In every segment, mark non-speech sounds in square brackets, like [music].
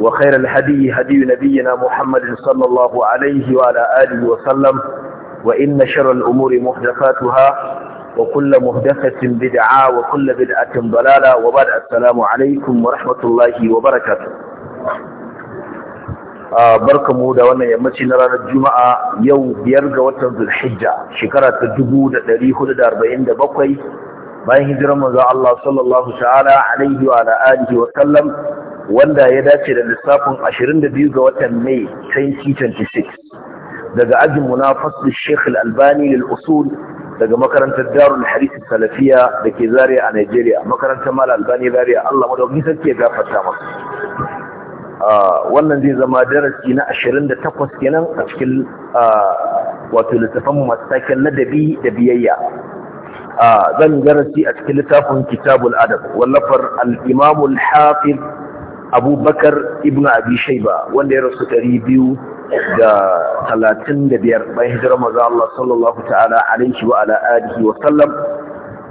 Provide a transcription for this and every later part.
وخير الهدي هدي نبينا محمد صلى الله عليه وعلى آله وسلم وإن شر الأمور محدثاتها وكل محدثة بدعة وكل بدعة ضلالة وبعد السلام عليكم ورحمة الله وبركاته barkamu da wannan yammaci na ranar juma'a yau biyar ga watan zulhijja shekara ta 1447 bayan hijirar manzo Allah sallallahu alaihi wa alihi wa sallam wanda ya dace da lissafin 22 ga watan Mai 2026 daga ajin na da Sheikh albani lil usul daga makarantar Darul harisun Salafiya da ke Zariya a Nigeria makarantar Mal Albani zariya Allah madaukakin sarki ya gafarta masu ah, wannan zai zama darasi na 28 kenan a cikin ah, wato littafin masakin ladabi da biyayya ah, zan darasi a cikin littafin Kitabul Adab wallafar al imamul hafiz abubakar ibn abi shaiba wanda ya rasu ɗari biyu da talatin da biyar bayan hijirar maza Allah sallallahu ta'ala alaihi wa ala alihi wa sallam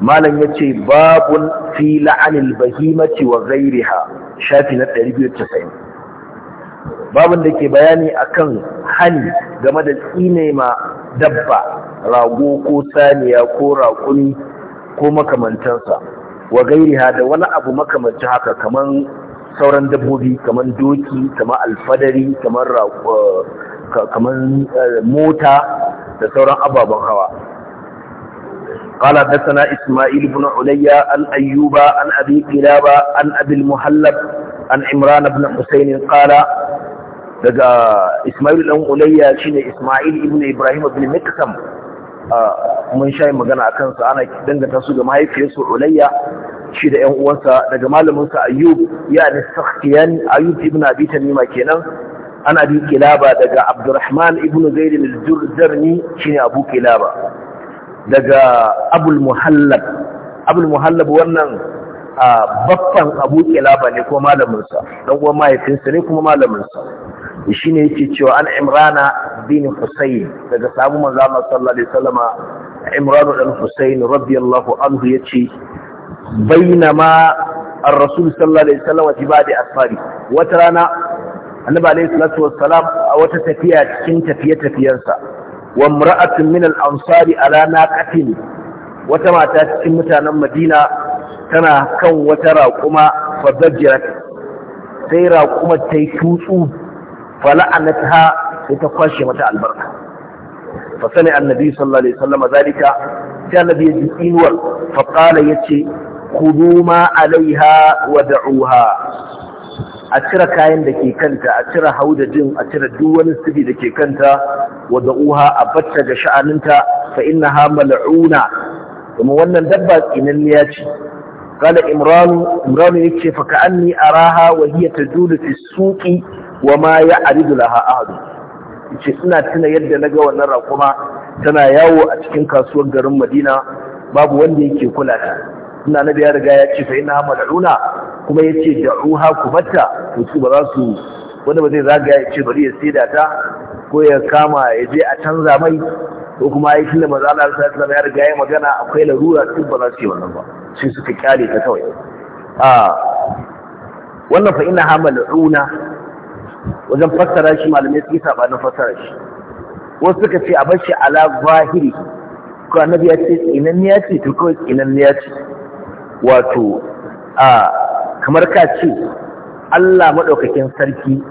malam ya ce babun fi la'anil bahimati wa shafi na ɗari biyu babun da ke bayani akan hani game da tsine ma dabba rago ko saniya ko raƙumi ko makamantansa wa da wani abu makamanci haka kaman sauran dabbobi kamar doki kamar alfadari kamar eh, mota da sauran ababen hawa قال حدثنا اسماعيل بن علي عن ايوب عن ابي قلابة عن ابي المهلب عن عمران بن حسين قال daga اسماعيل بن Ulayya شنو اسماعيل ابن ابراهيم بن مكتم من شاي magana a kansa ana danganta su ga mahaifiyarsu Ulayya shi da 'yan uwansa daga malaminsa ayyub ya ne sakhiyan ayyub ibn abi tamima kenan an bi kilaba daga abdurrahman ibn zaid al-jurdarni shine abu kilaba daga abul muhallab abul muhallab wannan babban abu kilaba ne ko malaminsa dan uwan mahaifinsa ne kuma malaminsa shine yake cewa an imrana bin husayn daga sabu manzo sallallahu alaihi wasallama imranu dan husayn radiyallahu anhu yace bainama ar-rasul sallallahu alaihi wasallam fi ba'di asfari wata rana annabi alaihi salatu wassalam a wata tafiya cikin tafiye-tafiyensa wa imra'atun min al-ansari ala naqatin wata mata cikin mutanen Madina tana kan wata raƙuma fa sai raƙumar ta yi tutsu fala'anatha sai ta kwashe mata albarka fa sani annabi sallallahu alaihi wasallam zalika sai annabi ya ji inuwar fa qala yace kudu ma alaiha wa da'uha a cire kayan da ke kanta a cire haudajin a cire duk wani sifi da ke kanta wa da'uha a batta ga sha'aninta fa innaha mal'una kuma wannan dabba tsinanniya ce قال إمران إمران يكشي فكأني أراها وهي تجول في السوق وما يعرض لها أحد yace ina tuna yadda naga wannan rakuma tana yawo a cikin kasuwar garin Madina babu wanda yake kula ta suna na biya riga ya ce fa ina mal'una kuma yace da'uha ku mata to su ba za su wanda ba zai zagaya ya ce bari ya saida ta ko ya kama ya je a canza mai ko kuma ya tunda maza Allah sai alaihi ya riga ya magana akwai larura duk ba za su yi wannan ba sai suka kyale ta kawai a wannan fa ina mal'una wajen fassara shi malamai suke sabanin fassara shi wasu suka ce a bar shi ala zahiri ko annabi ya ce inanniya ce to kawai inanniya ce wato a kamar ka ce Allah maɗaukakin sarki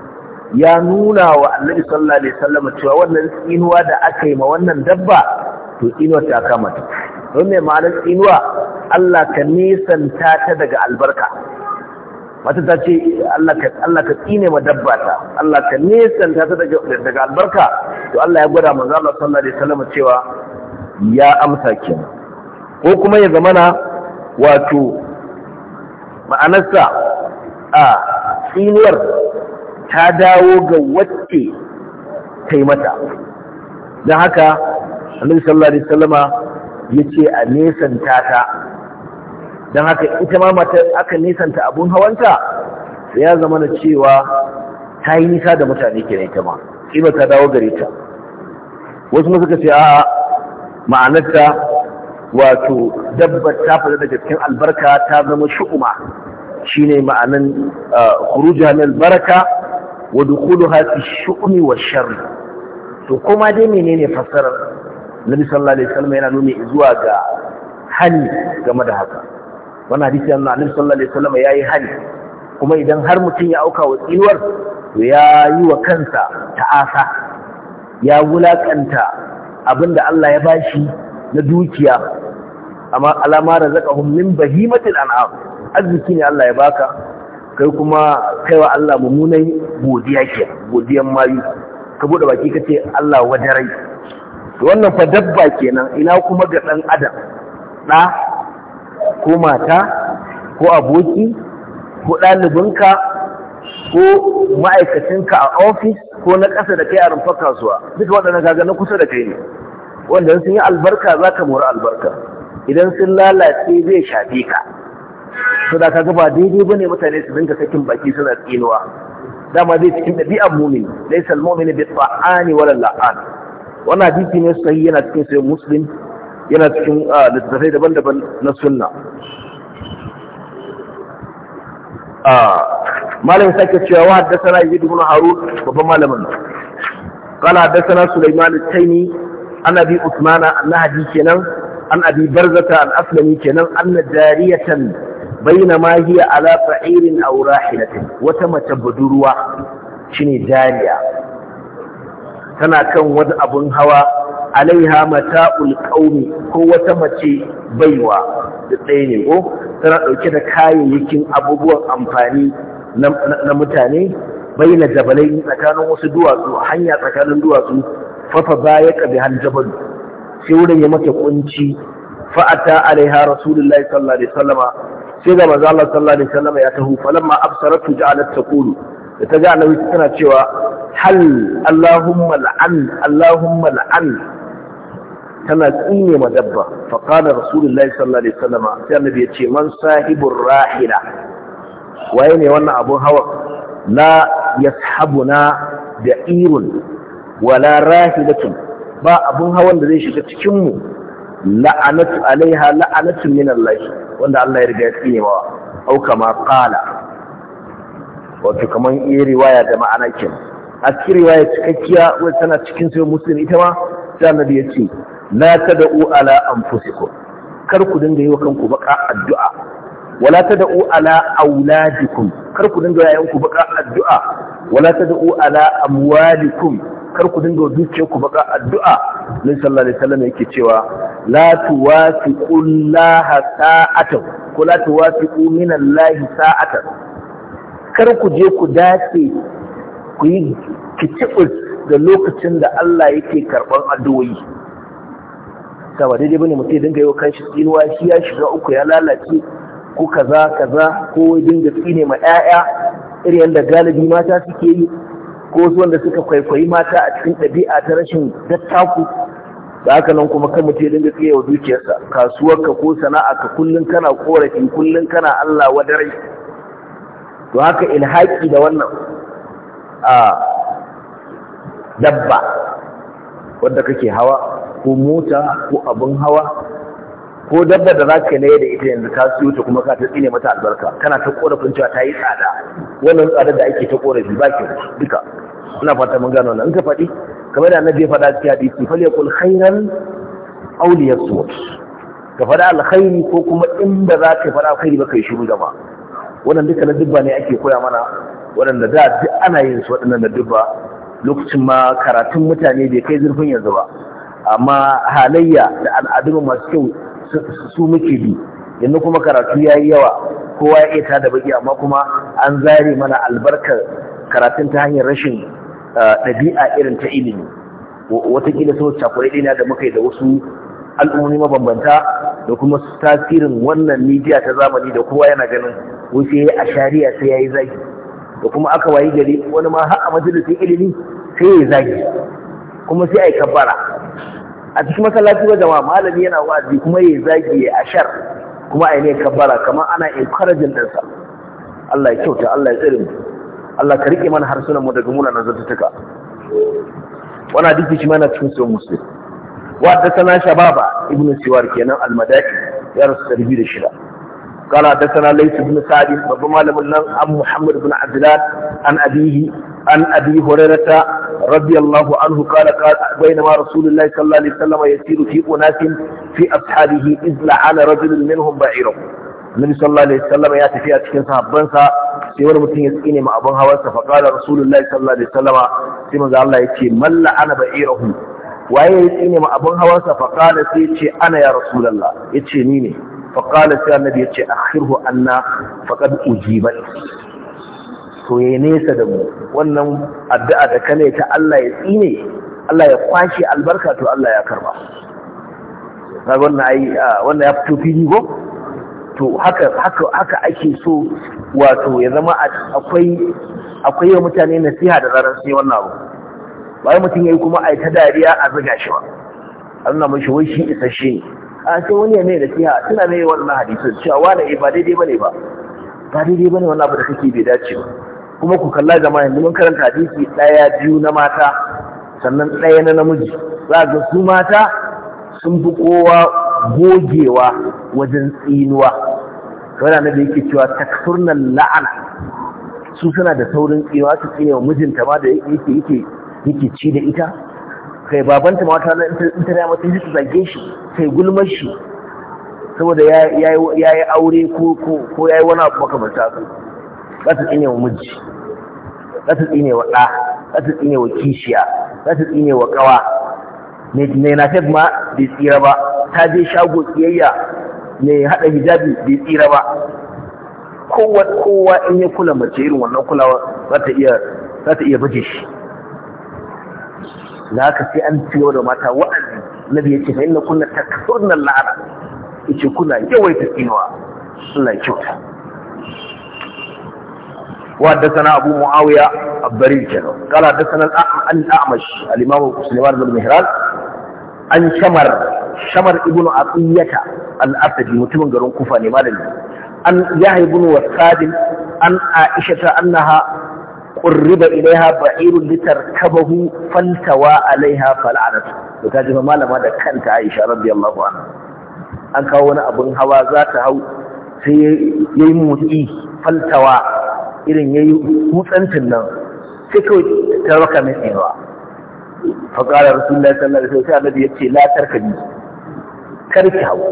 ya nuna wa Allah sallallahu da wasallam cewa wannan tsinuwa da aka yi ma wannan dabba to tsinuwa ta kama ta don mai ma'anar tsinuwa Allah ka nesanta ta daga albarka mata ta ce Allah ka tsine ma dabba ta Allah ka nesanta ta daga albarka to Allah ya gwada manzo Allah sallallahu alaihi wasallam cewa ya amsa kenan ko kuma ya zamana wato ma'anarsa a tsinuwar ta dawo ga wacce ta mata don haka annabi sallallahu alaihi wasallama yace a nesanta ta don haka ita ma mata aka nesanta abun hawanta ya zama na cewa ta yi nisa da mutane kenan ita ma kima ta dawo gare ta wasu ma suka ce a ma'anarta wato dabbar ta fada daga cikin albarka ta zama shu'uma shine ma'anan uh, khuruja min baraka wa dukhuluha fi shu'umi wa sharri to kuma dai menene fasarar Nabi sallallahu alaihi wasallam yana nuni zuwa ga hali game da haka wannan hadisi yana Annabi sallallahu alaihi wasallam yayi hali. kuma idan har mutum ya auka wa tsiwar to ya yi wa kansa ta'asa ya wulakanta abinda Allah ya bashi na dukiya amma alama hun min bahimatin an'am arziki ne Allah ya baka kai kuma kaiwa Allah mummunan godiya ke godiyan mayu ka bude baki kace Allah wajarai wannan fa dabba kenan ina kuma ga ɗan adam da ko mata ko aboki ko ɗalibinka ko ma'aikacinka a ofis ko na ƙasa da kai a rumfar kasuwa duka waɗannan kaga na kusa da kai ne wanda sun yi albarka za ka mori albarka idan sun lalace zai shafe ka to da kaga ba daidai bane mutane su dinga sakin baki suna tsinuwa dama zai cikin dabi'an mumin, laysa al-mu'minu bi ta'ani wala la'an wannan hadisi ne sahihi yana cikin sahih muslim yana cikin ah, littattafai daban-daban na sunna ah, malam sake cewa wa haddasana yazid ibn harun babban malamin qala haddasana sulaiman al-taymi ana bi usmana annaha kenan an abi barzata al-aslami kenan anna jariyatan ma hiya ala fa'irin aw rahilatin wata mace budurwa shine jariya tana kan wani abun hawa alaiha mata'ul qaumi ko wata mace baiwa da tsaye ne ko tana dauke da kayayyakin abubuwan amfani na mutane baina jabalai tsakanin wasu duwatsu hanya tsakanin duwatsu fafa baya bi hal jabalu sai wurin ya mata kunci fa'ata alaiha rasulullahi sallallahu alaihi wasallama sai ga maza Allah sallallahu alaihi wasallama ya taho falamma absaratu ja'alat taqulu da ta ga annabi tana cewa hal allahumma la'an allahumma la'an tana tsine ma dabba fa qala rasulullahi sallallahu alaihi wasallama sai annabi ya ce man sahibur rahila waye ne wannan abun hawa la yashabuna da'irun wala rahilatun ba abun hawan da zai shiga cikin mu la'anatu alaiha la'anatu min Allah wanda Allah ya riga ya tsine mawa au kama qala wato kaman iya riwaya da ma'ana kin a cikin riwaya cikakkiya wanda tana cikin sai musulmi ita ma sai annabi ya ce la tad'u ala anfusikum kar ku dinga yi wa kanku baka addu'a wala tad'u ala auladikum kar ku dinga yi wa kanku baka addu'a wala tad'u ala amwalikum kar ku dinga dukiyar ku baka addu'a nabi sallallahu alaihi wasallam yake cewa la tuwasiqu llaha sa'atan ku la min allahi sa'atan kar ku je ku dace ku yi kitibus da lokacin da Allah yake karban addu'o'i ta ba daidai bane mutum dinga yi wa kanshi tsinuwa shi ya shiga uku ya lalace ko kaza kaza ko dinga tsine ma 'ya'ya irin da galibi mata suke yi ko su wanda suka kwaikwayi mata a cikin ɗabi'a ta rashin dattaku da haka nan kuma kan mutum dinga tsaye wa dukiyarsa kasuwarka ko ka kullum kana korafi kullum kana Allah wa dare to haka ilhaki da wannan a dabba wadda kake hawa ko mota ko abin hawa ko dabba da za ka naye da ita yanzu ka siyo ta kuma ka ta tsine mata albarka kana ta korafin cewa ta yi tsada wannan tsada da ake ta korafi ba ke duka ina fata mun gano nan in ka faɗi kamar da annabi ya faɗa cikin hadisi fal yakul khairan aw liyasmut ka faɗa alkhairi ko kuma in ba za ka faɗa alkhairi ba kai shiru gaba wannan duka na dubba ne ake koya mana waɗanda da duk ana yin su waɗannan na dubba lokacin ma karatun mutane bai kai zurfin yanzu ba amma halayya da al'adun masu kyau su muke bi yanzu kuma karatu ya yi yawa kowa ya iya da baki amma kuma an zare mana albarkar karatun ta hanyar rashin ɗabi'a irin ta ilimi watakila sau cakurai na da muka yi da wasu al'ummomi mabambanta da kuma tasirin wannan midiya ta zamani da kowa yana ganin wuce ya a shari'a sai ya yi zagi da kuma aka wayi gari wani ma har a majalisin ilimi sai ya yi zagi kuma sai a yi kabbara a cikin masallaci ba jama'a malami yana wa'azi kuma ya yi zagi ya ashar kuma a yi ne kabbara kamar ana encouraging ɗinsa Allah ya kyauta Allah ya tsirin Allah ka rike mana harsunanmu daga munana zartuka wana dike shi mana cin musu wa da sana shababa ibnu siwar kenan almadaki ya rasu sarbi da shida. kala da sana laysa ibn sa'id babban malamin nan am muhammad ibn abdullah an abihi an abi hurairata radiyallahu anhu bainama rasulullahi sallallahu alaihi wasallam yasiru fi unasin fi ashabihi izla ala rajulin minhum ba'irahu annabi sallallahu alaihi wasallam ya tafi a cikin sahabbansa sai wani mutum ya tsine ma abun hawansa fa qala rasulullahi sallallahu alaihi wasallam sai manzo Allah ya ce malla ana ba'irahu waye ya tsine ma abun hawansa fa qala sai ya ce ana ya rasulullah ya ce ni ne fa qala sai annabi ya ce akhirhu anna faqad ujibat to ya nesa da mu wannan addu'a da kane ta Allah ya tsine Allah ya kwashe albarka to Allah ya karba kaga wannan ai wannan ya fito fili go to haka haka haka ake so wato ya zama akwai akwai wa mutane nasiha da zarar sai wannan abu bai mutum yayi kuma ai ta dariya a zuga shi ba Allah mai shi shi isasshe ne a sai wani ya mai nasiha tana mai wannan hadisi cewa wani eh, ba daidai bane ba ba daidai bane wannan abu da kake bai dace ba kuma ku kalla jama'a yanzu mun karanta hadisi daya biyu na mata sannan daya na namiji za ga su mata sun fi kowa gogewa wajen tsinuwa na da yake cewa takfurnan la'ana su suna da saurin tsinuwa su tsinuwa mijinta ma da yake yake yake ci da ita kai babanta mata na intanet mata yi zage shi sai gulmar shi saboda ya yi aure ko ya yi wani abu makamanta za ta miji za ta tsinewa ɗa za ta kishiya za ta tsinewa ƙawa mai nafef ma bai tsira ba ta je shago tsiyayya mai haɗa hijabi bai tsira ba kowa kowa in ya kula mace irin wannan kulawa za ta iya za ta iya baje shi da haka sai an ciyo da mata wa'azi nabi ya ce fa inna kunna takfurna la'ana yace kuna yawaita tsinuwa suna kyauta وحدثنا أبو معاوية الضرير كانوا قال حدثنا الأعمش الإمام سليمان بن مهران an shamar shamar ibnu atiyata al-asadi mutumin garin kufa ne malami an yahya ibn wasadin an aisha ta annaha qurriba ilaiha ba'irun litarkabahu fantawa alaiha fal'anat to ta jima malama da kanta aisha radiyallahu anha an kawo wani abun hawa za ta hau sai yayi motsi fantawa, irin yayi mutsantin nan sai kawai ta raka mai tsayawa fa qala rasulullahi sai alaihi ya ce yace la tarkabi karki hawo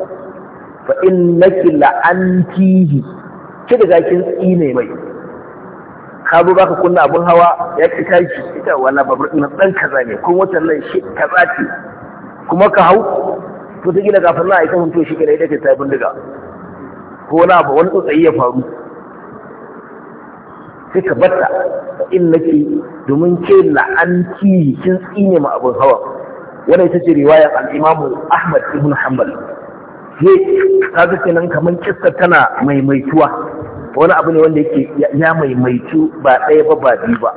fa innaki la antihi ki da kin tsine mai ka zo baka kunna abin hawa ya ki tashi ita wala babur ina ɗan kaza ne kun watan nan shi kaza ce kuma ka hau to ta gida gafar na aika mun to shi kira ita ce ta bindiga ko na ba wani tsotsayi ya faru sai bata, batta fa nake, domin ke la'anti kin tsine ma abun hawa wannan ita ce riwayar al-Imam Ahmad ibn Hanbal sai kaga kenan kaman kissa tana maimaituwa wani abu ne wanda yake ya maimaitu ba ɗaya ba ba biyu ba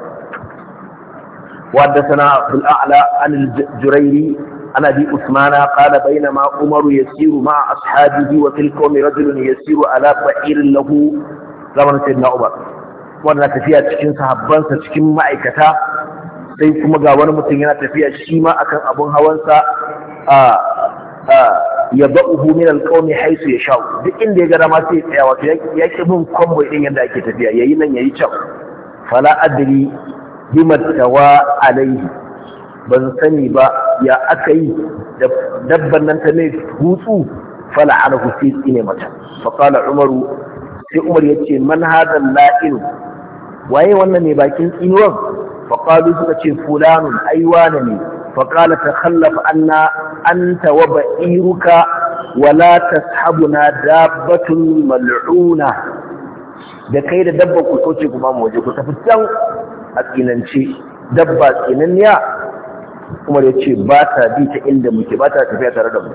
وحدثنا في الأعلى عن الجريري عن أبي عثمان قال بينما عمر يسير مع أصحابه وفي القوم رجل يسير على بعير له زمن سيدنا عمر wanda tafiya cikin sahabbansa cikin ma'aikata sai kuma ga wani mutum yana tafiya shi ma akan abun hawansa a ya ba'uhu min alqawmi haisu ya sha'u duk inda ya ga ma sai tsaya wato ya ki bin kwambo din yadda ake tafiya ya yi nan yayi can fala adri bima tawa alaihi ban sani ba ya aka yi dabban nan ta mai hutu? fala ana hufi ne mata fa qala umaru sai umar yace man hadan la'in waye wannan ne bakin tsinuwan faƙalu suka ce fulanun aiwana ne faƙala ta khallafa anna an wa ba'iruka wala tashabuna dabbatun mal'una da kai da dabba ku kauce ku mu waje ku tafi can a tsinance dabba tsinanniya kuma da ce ba ta bi ta inda muke ba ta tafiya tare da mu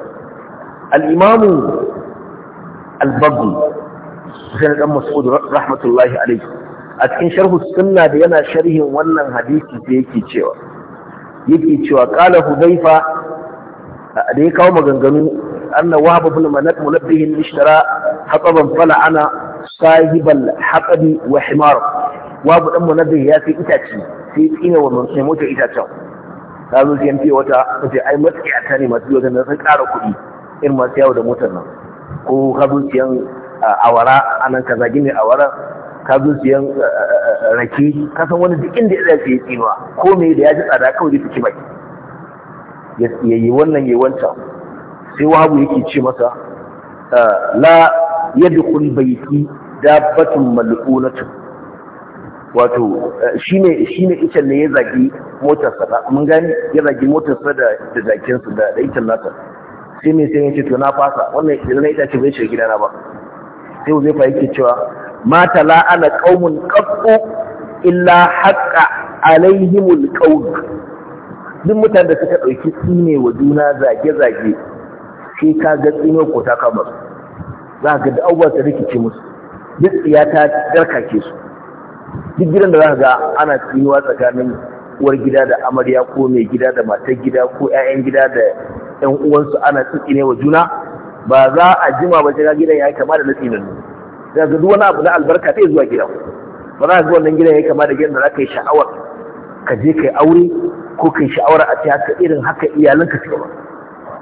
al-imamu al-baghi sai dan mas'ud rahmatullahi alaihi a cikin sharhu sunna da yana sharhin wannan hadisi da yake cewa yake cewa qala hudayfa da ya kawo maganganu anna wahab ibn manat munabbih ishtara hataban fala ana sahibal haqabi wa himar wahab dan munabbih ya fi itace sai tsine wa mai mota itacen ta zo sai yanke wata sai ai matsi a tare masu yau da na san ƙara kuɗi irin masu yawo da motar nan ko ka zo siyan awara anan kaza gini awara ka zo siyan eh, eh, rake ka san wani duk inda ya zafi ya tsinuwa ko me da ya ji tsada kawai zai fi baki ya yi wannan ya wanta sai wabu yake ce masa eh, la yadda bai fi dabbatun mal'unatu wato shi ne icen ne ya zagi motarsa mun gani ya zagi motarsa da da jakinsa da da icen nasa sai me sai ce to na fasa wannan idan ita ce bai shiga gidana ba sai wuzai fa yake cewa ma tala'ana qaumun qattu illa haqqa alaihimul qaul duk mutanen da suka dauki tsine wa juna zage zage sai ka ga tsinuwar ko ta kama su za ga da abuwa ta rikice musu duk ya ta ke su duk gidan da za ka ga ana tsinuwa tsakanin uwar gida da amarya ko mai gida da matar gida ko 'ya'yan gida da 'yan uwansu ana tsine wa juna ba za a jima ba shiga gidan ya kama da na da ga wani abu na albarka sai zuwa gidan ba za ga wannan gidan ya kama da gidan da za ka yi sha'awar ka je ka yi aure ko ka yi sha'awar a cikin haka irin haka ka suka ba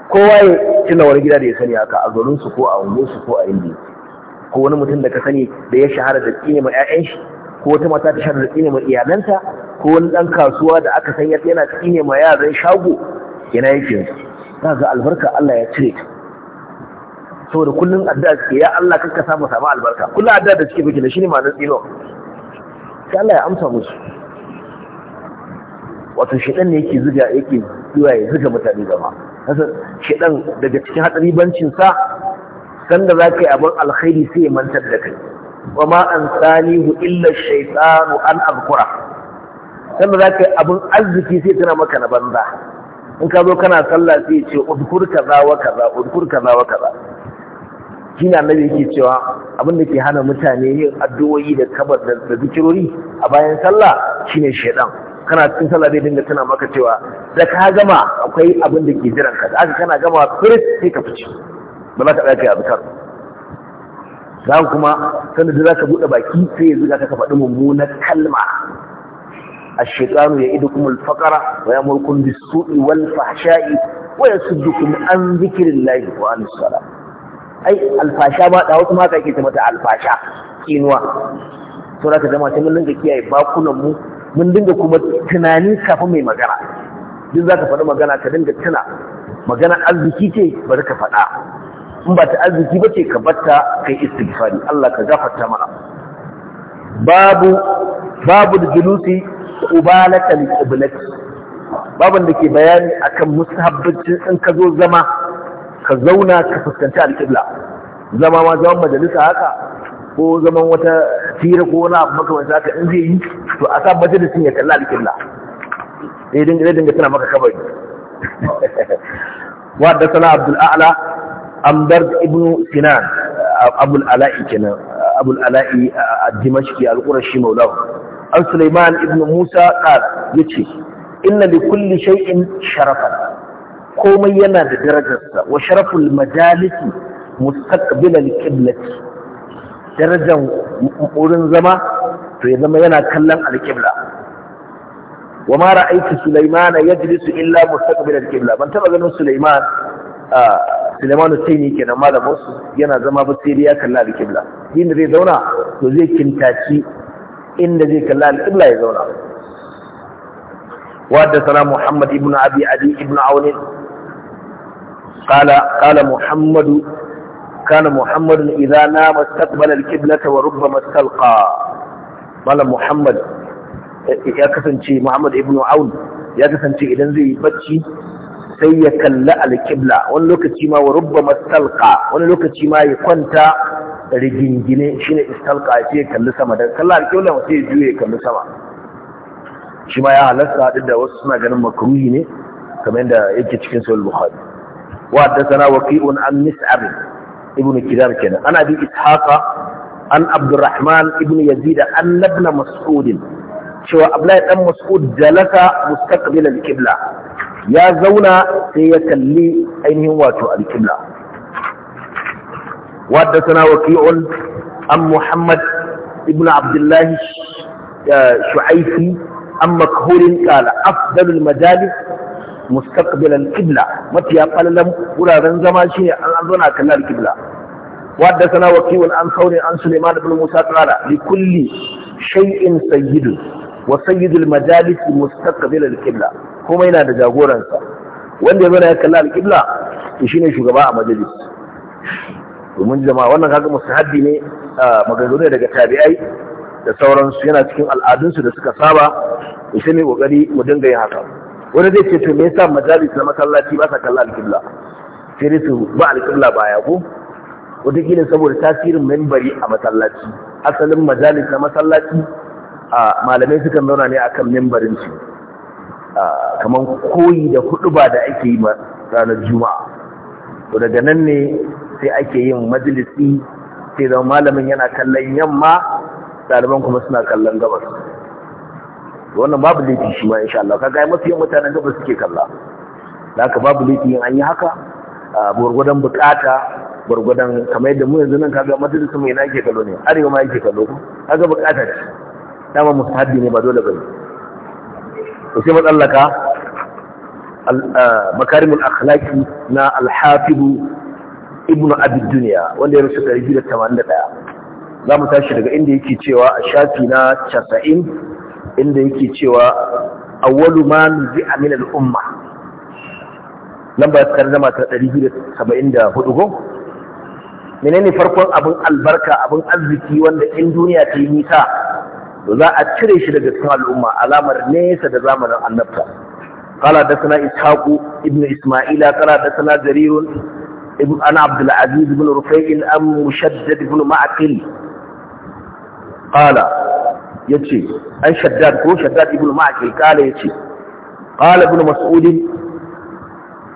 kowa ya tuna wani gida da ya sani haka a garin su ko a ungo su ko a inda ko wani mutum da ka sani da ya shahara da tsine ma 'ya'yan shi ko wata mata ta shahara da tsine ma iyalanta ko wani dan kasuwa da aka san yana tsine ma yaran shago yana yake za ga albarka Allah ya cire ta saboda kullum addu'a ke ya Allah kanka samu samu albarka kullum addu'a da suke miki da shine ma'anar tsino sai Allah ya amsa musu wato shedan ne yake zuga yake zuwa ya zuga mutane gama kasa shedan daga cikin hatsari bancin sa sanda zaka yi abun alkhairi sai ya mantar da kai wa ma an salihu illa shaytanu an azkura sanda zaka yi abin arziki sai tana maka na banza in ka zo kana sallah sai ya ce udkur kaza wa kaza udkur kaza wa kaza shi annabi yake cewa abin da ke hana mutane yin addu'o'i da kabar da zikirori a bayan sallah shine shedan kana cikin sallah dai dinga tana maka cewa da ka gama akwai abin da ke jiran ka da aka kana gama firis sai ka fice ba za ka tsaya kai azkar za kuma sanda da za ka buɗe baki sai ya zuga ka faɗi mummunar kalma الشيطان يعدكم الفقر ويأمركم بالسوء والفحشاء ويصدكم عن ذكر الله وعن الصلاة ai alfasha ba da wasu mata ke ta mata alfasha kinuwa to zaka zama ta mun dinga kiyaye bakunan mu mun dinga kuma tunani kafin mai magana duk zaka faɗi magana ka dinga tuna magana arziki ce bari ka faɗa in ba ta arziki ba ce ka batta kai istighfari Allah ka gafarta mana babu babu julusi qubalatal qiblati babu da ke bayani akan mustahabbancin in ka zo zama ka zauna ka fuskanci alƙibla zama ma zaman majalisa haka ko zaman wata fira ko wani abu makamancin haka in zai yi to a sa majalisin ya kalla alƙibla sai dinga zai dinga tana maka kabari [laughs] wa da sana abdul a'la ambar ibn sinan abul ala'i kenan abul ala'i ad-dimashqi uh, al-qurashi maulahu an sulaiman ibn musa qala yace inna li kulli shay'in sharafan komai yana da darajarsa wa sharaful majalisi mustaqbilal qiblati darajar wurin zama to ya zama yana kallon alqibla wa ma ra'aytu sulaiman yajlisu illa mustaqbilal qibla ban taba ganin sulaiman Sulaiman Hussein kenan malamin su yana zama ba sai ya kalla alqibla inda zai zauna to zai kintaci inda zai kalla alqibla ya zauna وحدثنا محمد بن أبي عدي بن عون قال قال محمد كان محمد إذا نام استقبل الكبلة وربما استلقى قال محمد ya kasance Muhammad ibn Aun ya kasance idan zai bacci sai ya kalla alƙibla wani lokaci ma wa rubba mastalqa wani lokaci ma ya kwanta rigingine shine istalqa sai ya kalli sama Da kalla alƙibla sai ya juye ya kalli sama shi ma ya halasta da wasu suna ganin makruhi ne kamar yadda yake cikin sahih Bukhari وحدثنا وكيء عن مسعر ابن كذاب كان عن أبي إسحاق عن عبد الرحمن ابن يزيد عن ابن مسعود شو أبلاي أم مسعود جلس مستقبل الكبلة يا زونا سيكلي أينه واتو الكبلة وحدثنا وكيء عن محمد ابن عبد الله آه، شعيفي عن مكهول قال أفضل المجالس mustaqbilan qibla ya fallan wuraren zama shine an zo na kallon qibla وحدثنا an عن ثور Musa, qala li kulli shay'in sayyid wa sayyid al majalis mustaqbilan qibla kuma yana da jagoransa wanda ya zo ya kalla al to shine shugaba a majalis domin jama'a wannan kaga haddi ne maganganu daga tabi'ai da sauransu yana cikin al'adunsu da suka saba to ne kokari mu dinga yin haka wani zai ce to me yasa majalis na masallaci ba sa kalla alƙibla sai dai su ba alƙibla ya ko wataƙila saboda tasirin membari a masallaci asalin majalis na masallaci a malamai sukan zauna ne akan membarin su kamar koyi da huɗu ba da ake yi ranar juma'a to daga nan ne sai ake yin majalisi sai zama malamin yana kallon yamma ɗaliban kuma suna kallon gabas wannan babu laifi shi ma insha Allah kaga mafi mutanen gaba suke kalla haka babu laifi in an yi haka gurgudan bukata gurgudan kamar yadda mu yanzu nan kaga madrasa mai na yake kallo ne arewa ma yake kallo kaga bukata ce dama mustahabi ne ba dole bane to sai matsallaka makarimul akhlaqi na al-hafiz ibnu abi dunya wanda ya rusa 281 za mu tashi daga inda yake cewa a shafi na 90 inda yake cewa awwalu ma nuzi min al-umma lamba ta tarjama ta 274 ko menene farkon abin albarka abin arziki wanda in duniya ta yi nisa to za a cire shi daga cikin al'umma alamar nesa da zamanin annabta قال حدثنا إسحاق ابن إسماعيل قال حدثنا جرير عن عبد العزيز بن رفيع أم مشدد بن معقل قال yace an shaddad ko shaddad ibn ma'akil kala yace qala ibn mas'ud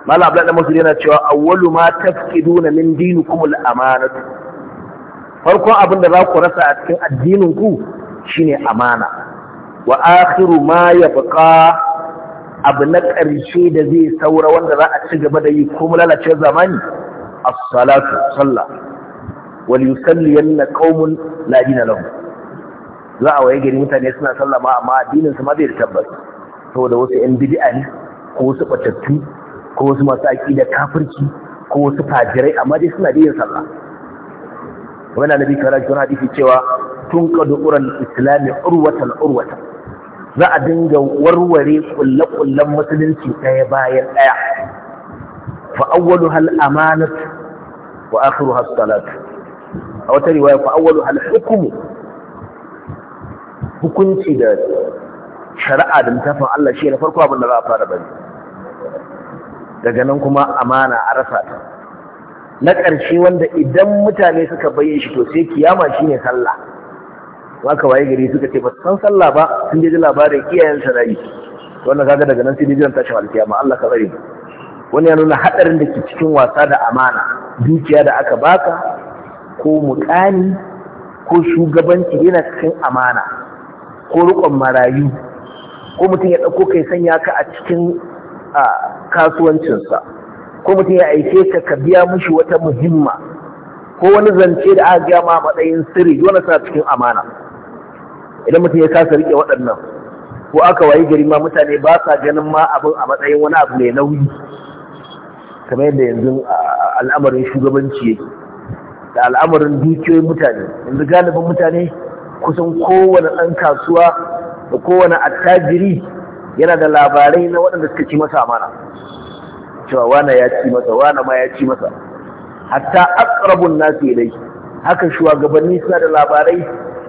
mala abla da yana cewa awwalu ma tafkiduna min dinikum al-amanatu farkon abin da za ku rasa a cikin addinin ku shine amana wa akhiru ma yabqa abu na ƙarshe da zai saura wanda za a ci gaba da yi kuma lalace zamani as-salatu sallah wal yusalliyanna qaumun la dina lahum za a waye gari mutane suna sallama amma addinin su ma bai da tabbas saboda wasu yan bid'a ne ko wasu batattu ko wasu masu aqida kafirci ko wasu fajirai amma dai suna biyan yin sallah wannan nabi karatu wani hadisi cewa tun kadu uran islami urwatan urwatan za a dinga warware kulle-kullen musulunci ɗaya bayan ɗaya fa awwalu hal amanat wa akhiru hal salat a wata riwaya fa awwalu hal hukumu hukunci da shari'a da mutafin Allah shi ne farko abin da za a fara bari daga nan kuma amana a rasa ta na ƙarshe wanda idan mutane suka bayyana shi to sai kiyama ne sallah waka waye gari suka ce ba san sallah ba sun ji labarin iyayen sa wanda kaga daga nan sai dai jiran tashin alkiyama Allah ka bari wani ya nuna hadarin da ke cikin wasa da amana dukiya da aka baka ko muƙani ko shugabanci yana cikin amana ko rikon marayu ko mutum ya ɗauko kai sanya ka a cikin kasuwancinsa ko mutum ya aike ka ka biya mushi wata muhimma ko wani zance da aka gaya ma matsayin sirri yana sa cikin amana idan mutum ya kasa rike waɗannan ko aka wayi gari ma mutane ba sa ganin ma abin a matsayin wani abu mai nauyi kamar yadda yanzu al'amarin shugabanci da al'amarin dukiyoyin mutane yanzu galibin mutane kusan kowane ɗan kasuwa da kowane attajiri yana da labarai na waɗanda suka ci masa amana cewa wana ya ci masa wane ma ya ci masa hatta aqrabun nasu dai. haka shugabanni suna da labarai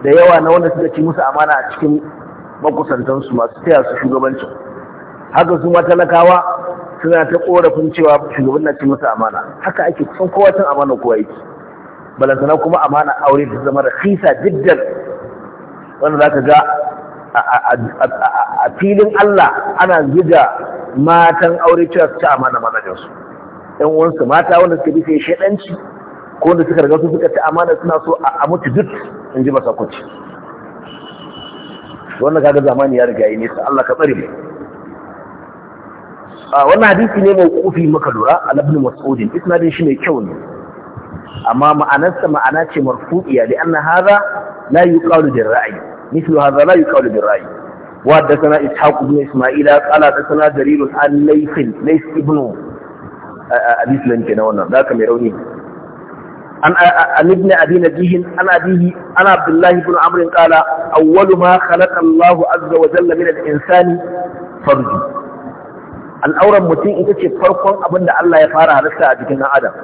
da yawa na wanda suka ci musu amana a cikin makusantansu masu taya su shugabancin haka su matalakawa suna ta korafin cewa shugaban na ci musu amana haka ake kusan kowacin amana kowa yake balantana kuma amana aure ta zama rahisa diddan wanda za ka ga a filin Allah ana zuga matan aure cewa su ci amana mazajensu ɗan wansu mata wanda suka bife shaɗanci ko wanda suka riga su suka ci amana suna so a mutu duk in ji masa kuci wannan kaga zamani ya riga yi nesa Allah ka tsari mu wannan hadisi ne mai kofi maka lura a labin mas'udin isnadin shi mai kyau ne amma ma'anarsa ma'ana ce marfu'iya da na hadha لا يقال بالرأي مثل هذا لا يقال بالرأي وحدثنا إسحاق بن إسماعيل قال حدثنا جرير عن ليث ليث ابن أبي سلم كنا ذاك ميروني عن عن ابن أبي نجيه عن أبيه عن عبد الله بن عمرو قال أول ما خلق الله عز وجل من الإنسان فرجه al'auran mutum ita ce farkon abin da Allah ya fara halitta a jikin ɗan adam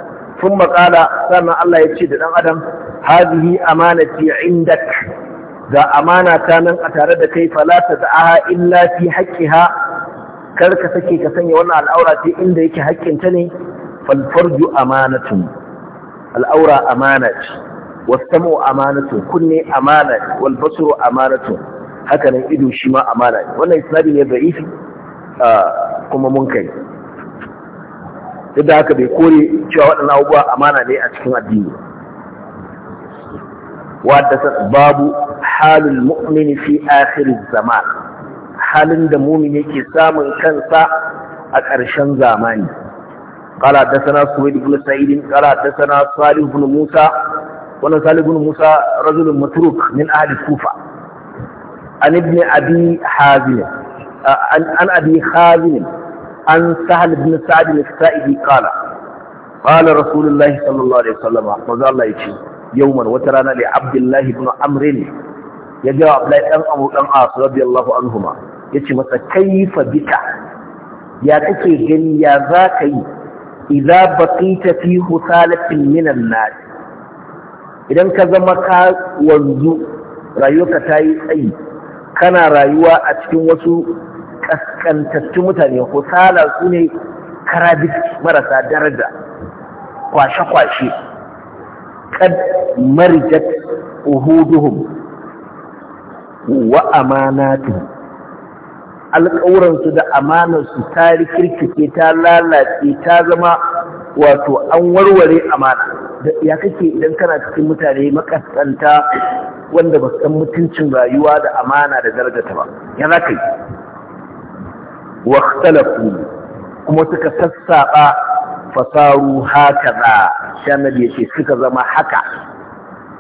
sun maƙala sannan Allah ya ce da ɗan adam hadihi amanati indak ga amana ta nan a tare da kai fala ta da'aha illa fi haqqiha kar ka sake ka sanya wannan al'aura ce inda yake haƙƙin ta ne fal farju amanatun al'aura amanat, ce wasamu amanatun kunne amana ce wal basru amanatun haka nan ido shi ma amana wannan isnadi ne da'ifi kuma mun kai duk da haka bai kore cewa waɗannan abubuwa amana ne a cikin addini وحدثنا باب حال المؤمن في آخر الزمان حال دا مؤمن يكي سامن كنسا أكرشن زماني قال حدثنا سويد بن سعيد قال حدثنا صالح بن موسى وانا صالح بن موسى رجل متروك من أهل الكوفة عن ابن أبي حازم عن أبي خازم عن سهل بن سعد السائدي قال قال رسول الله صلى الله عليه وسلم وقال الله يشير yawman wata rana da abdullahi ibn amrin ya ga abdullahi dan abu dan as radiyallahu anhuma yace masa kaifa bika ya kake gani ya za ka yi idza baqita fi husalatin min an-nar idan ka zama ka wanzu rayuwarka ta yi tsayi kana rayuwa a cikin wasu kaskantattun mutane husala su ne karabit marasa daraja kwashe-kwashe qad marjat uhuduhum wa alƙawuransu da amanarsu ta rikirkice ta lalace ta zama wato an warware amana ya kake idan kana cikin mutane makaskanta wanda ba san mutuncin rayuwa da amana da zargata ba ya za ka yi kuma suka sassaɓa fasaru haka za shanad ya ce suka zama haka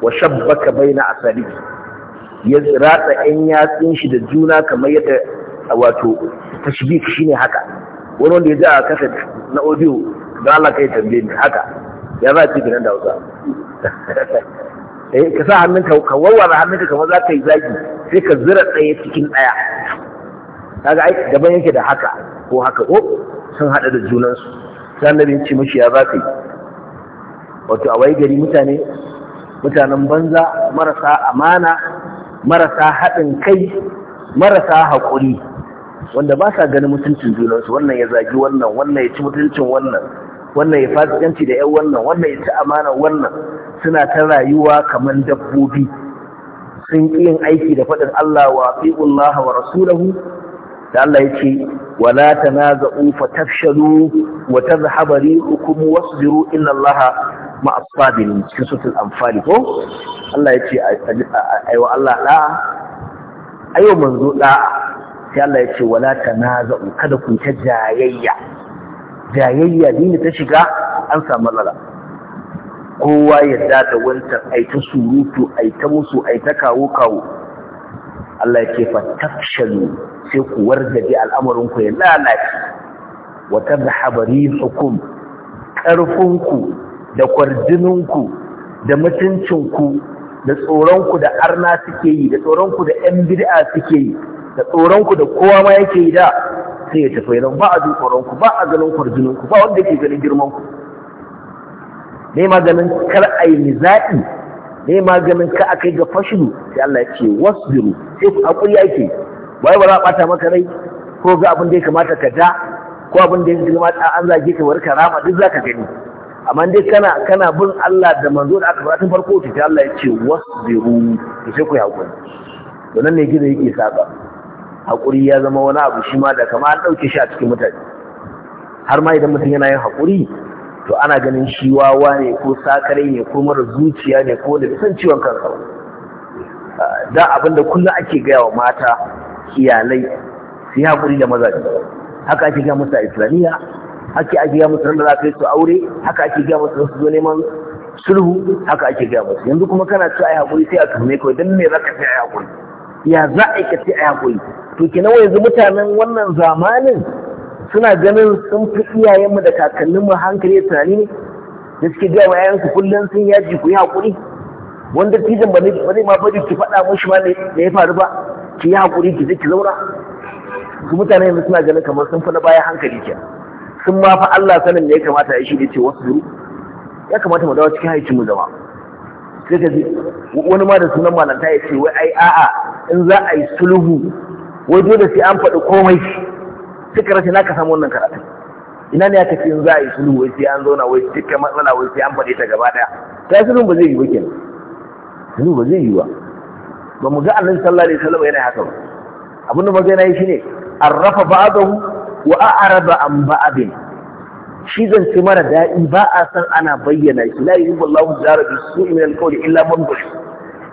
wa shabbaka baina asali ya ratsa yan yatsun shi da juna kamar yadda wato tashbik shine haka wani wanda ya ji a kasa na audio don Allah kai tambaye ni haka ya za ci gidan da Hausa [laughs] eh ka sa hannun ka hannun ka kamar za ka yi zagi sai ka zira tsaye cikin ɗaya kaga ai gaban yake da haka ko haka ko oh, sun haɗa da junansu sai ya ce mashi ya za ka yi wato a wai gari mutane mutanen banza marasa amana marasa haɗin kai marasa haƙuri wanda ba sa ganin mutuncin junansu wannan ya zagi wannan wannan ya ci mutuncin wannan wannan ya fasikanci da 'yan wannan wannan ya ci amana wannan suna ta rayuwa kamar dabbobi sun ƙi yin aiki da faɗin Allah wa fi'ullah wa rasulahu da Allah ya ce wala tanaza'u fatafshalu wa tadhhabu rihukum wasbiru inna Allaha ma'as sabirin cikin suratul anfal ko Allah ya ce aiwa Allah da aiwa manzo da sai Allah ya ce wala tanaza'u kada ku ta jayayya jayayya dini ta shiga an samu lala. kowa ya da wancan aita surutu aita musu aita kawo kawo Allah ya ce fa tafshalu sai ku wargaje al'amarin ku ya lalace wa tadhhabu hukum, karfinku da kwarjininku da mutuncinku da tsoronku da arna suke yi da tsoronku da ‘yan bid'a suke yi da tsoronku da kowa ma yake yi da sai ya tafi nan ba a jin tsoronku ba a ganin kwarjininku ba wanda ke ganin girmanku ne ma ganin kar a yi nizaɗi ne maganin ka yi ga fashilu sai Allah ya ce wasu wasbiru sai ku hakuri yake wai ba za a bata maka rai ko ga abin da ya kamata ka ja ko abin da ya kamata an zage ka warka rama duk za ka gani amma dai kana kana bin Allah da manzo da aka faɗa farko to sai Allah ya ce wasu to sai ku haƙuri? to nan ne gida yake saka hakuri ya zama wani abu shi ma da kama an ɗauke shi a cikin mutane har ma idan mutum yana yin hakuri to ana ganin shi wawa ne ko sakare ne ko mara zuciya ne ko da san ciwon kansa da abinda kullum ake gaya wa mata iyalai su haƙuri da mazaje haka ake gaya musu a islamiyya haka ake gaya musu ranar yi su aure haka ake gaya musu su zo neman sulhu haka ake gaya musu yanzu kuma kana ci a yi haƙuri sai a tuhume kawai don me za ka sai a yi haƙuri ya za a yi ka sai a yi haƙuri to kenan yanzu mutanen wannan zamanin suna ganin sun fi iyayenmu da kakanninmu hankali da tunani ne da suke gaya wa yayansu kullum sun yaji ku yi haƙuri wanda tijan ba zai ma bari ki faɗa mushi ma da ya faru ba ki yi haƙuri ki ki zaura. su mutane yanzu suna ganin kamar sun fi na baya hankali ke sun ma fa Allah sanin me ya kamata ya shi da ce wasu duru ya kamata mu dawo cikin haicin mu zama sai ka ji wani ma da sunan malanta ya ce wai ai a'a in za a yi sulhu wai dole sai an faɗi komai suka rasa na ka samu wannan karatu ina ne aka tafi yin za a yi sulhu wai sai an zauna wai cikin matsala wai sai an faɗi ta gaba ɗaya ta sulhu ba zai yi ba kenan sulhu ba zai yi ba ba mu ga annabi sallallahu alaihi wasallam yana haka ba abin da magana yi shine arrafa ba'dahu wa a'rada an ba'din shi zan ce mara daɗi ba a san ana bayyana shi la yuhibbu Allahu jarabi su'i min al-qawli illa man bashu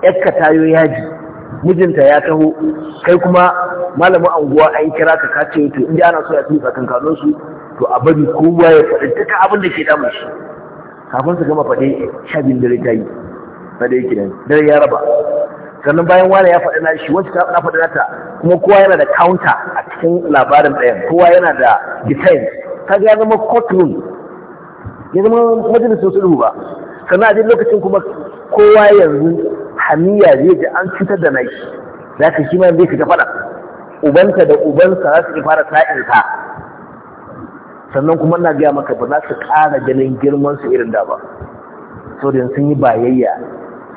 ekka tayo yaji mijinta ya taho kai kuma malamin anguwa yi kira ka kace to inda ana so ya tuni su to a bari kowa ya faɗi duka abin da ke damun shi kafin su gama faɗi shabin dare ta yi na yake nan dare ya raba sannan bayan wani ya faɗi shi wacce ta na faɗi nata kuma kowa yana da counter a cikin labarin ɗayan kowa yana da defense ta ga zama courtroom ya zama majalisar sulhu ba sannan a lokacin kuma kowa yanzu hamiya zai ji an cutar da nai za ka shi ma zai fita faɗa ubanta da ubansa za su fara sa'in ka sannan kuma na gaya maka ba za su ƙara ganin girman su irin da ba so da sun yi bayayya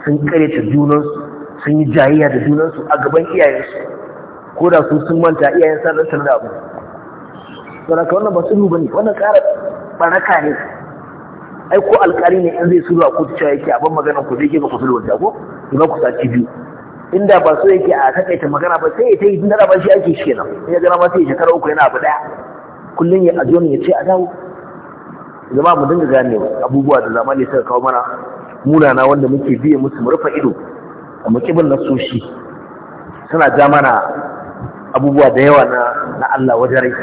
sun karyata junansu sun yi jayayya da junansu a gaban iyayensu ko da su sun manta iyayen sanar da abu saboda wannan ba ba ne, wannan ƙara baraka ne ai ko alƙali ne in zai sulhu a kotu cewa yake abin magana ku zai ke ku sulhu ta ko ba ku sati biyu inda ba so yake a takaita magana ba sai ya ta yi tun da ba shi ake shi kenan in ya gana ma sai ya shekara uku yana abu daya kullum ya ajiyar ya ce a dawo zama mu dinga gane abubuwa da zamani suka kawo mana munana wanda muke biye musu mu rufe ido a mukibin na soshi suna ja mana abubuwa da yawa na Allah wajen rai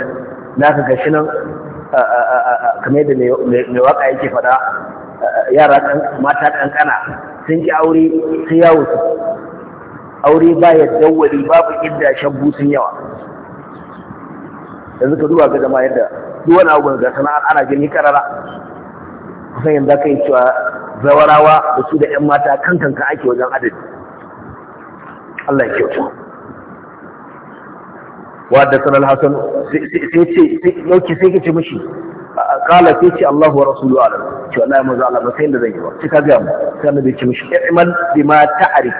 na ka gashi nan kamar yadda mai waka yake faɗa eh, yara mata kankana sun ki aure sun yawo su aure ba ya dawwali babu inda shabbu sun yawa yanzu ka duba ga zama yadda duwana abubuwan ga sana'ar ana gani karara kusan yanzu ka yi cewa zawarawa da su da 'yan mata kankanka ake wajen adadi Allah ya kyautu wadda sanar hasan sai ce yauki sai kace mishi kala sai ce Allah wa rasulu alam ce wallahi manzo Allah ba sai da zai ba sai ka ga mu sai annabi ce mishi i'mal bima ta'rif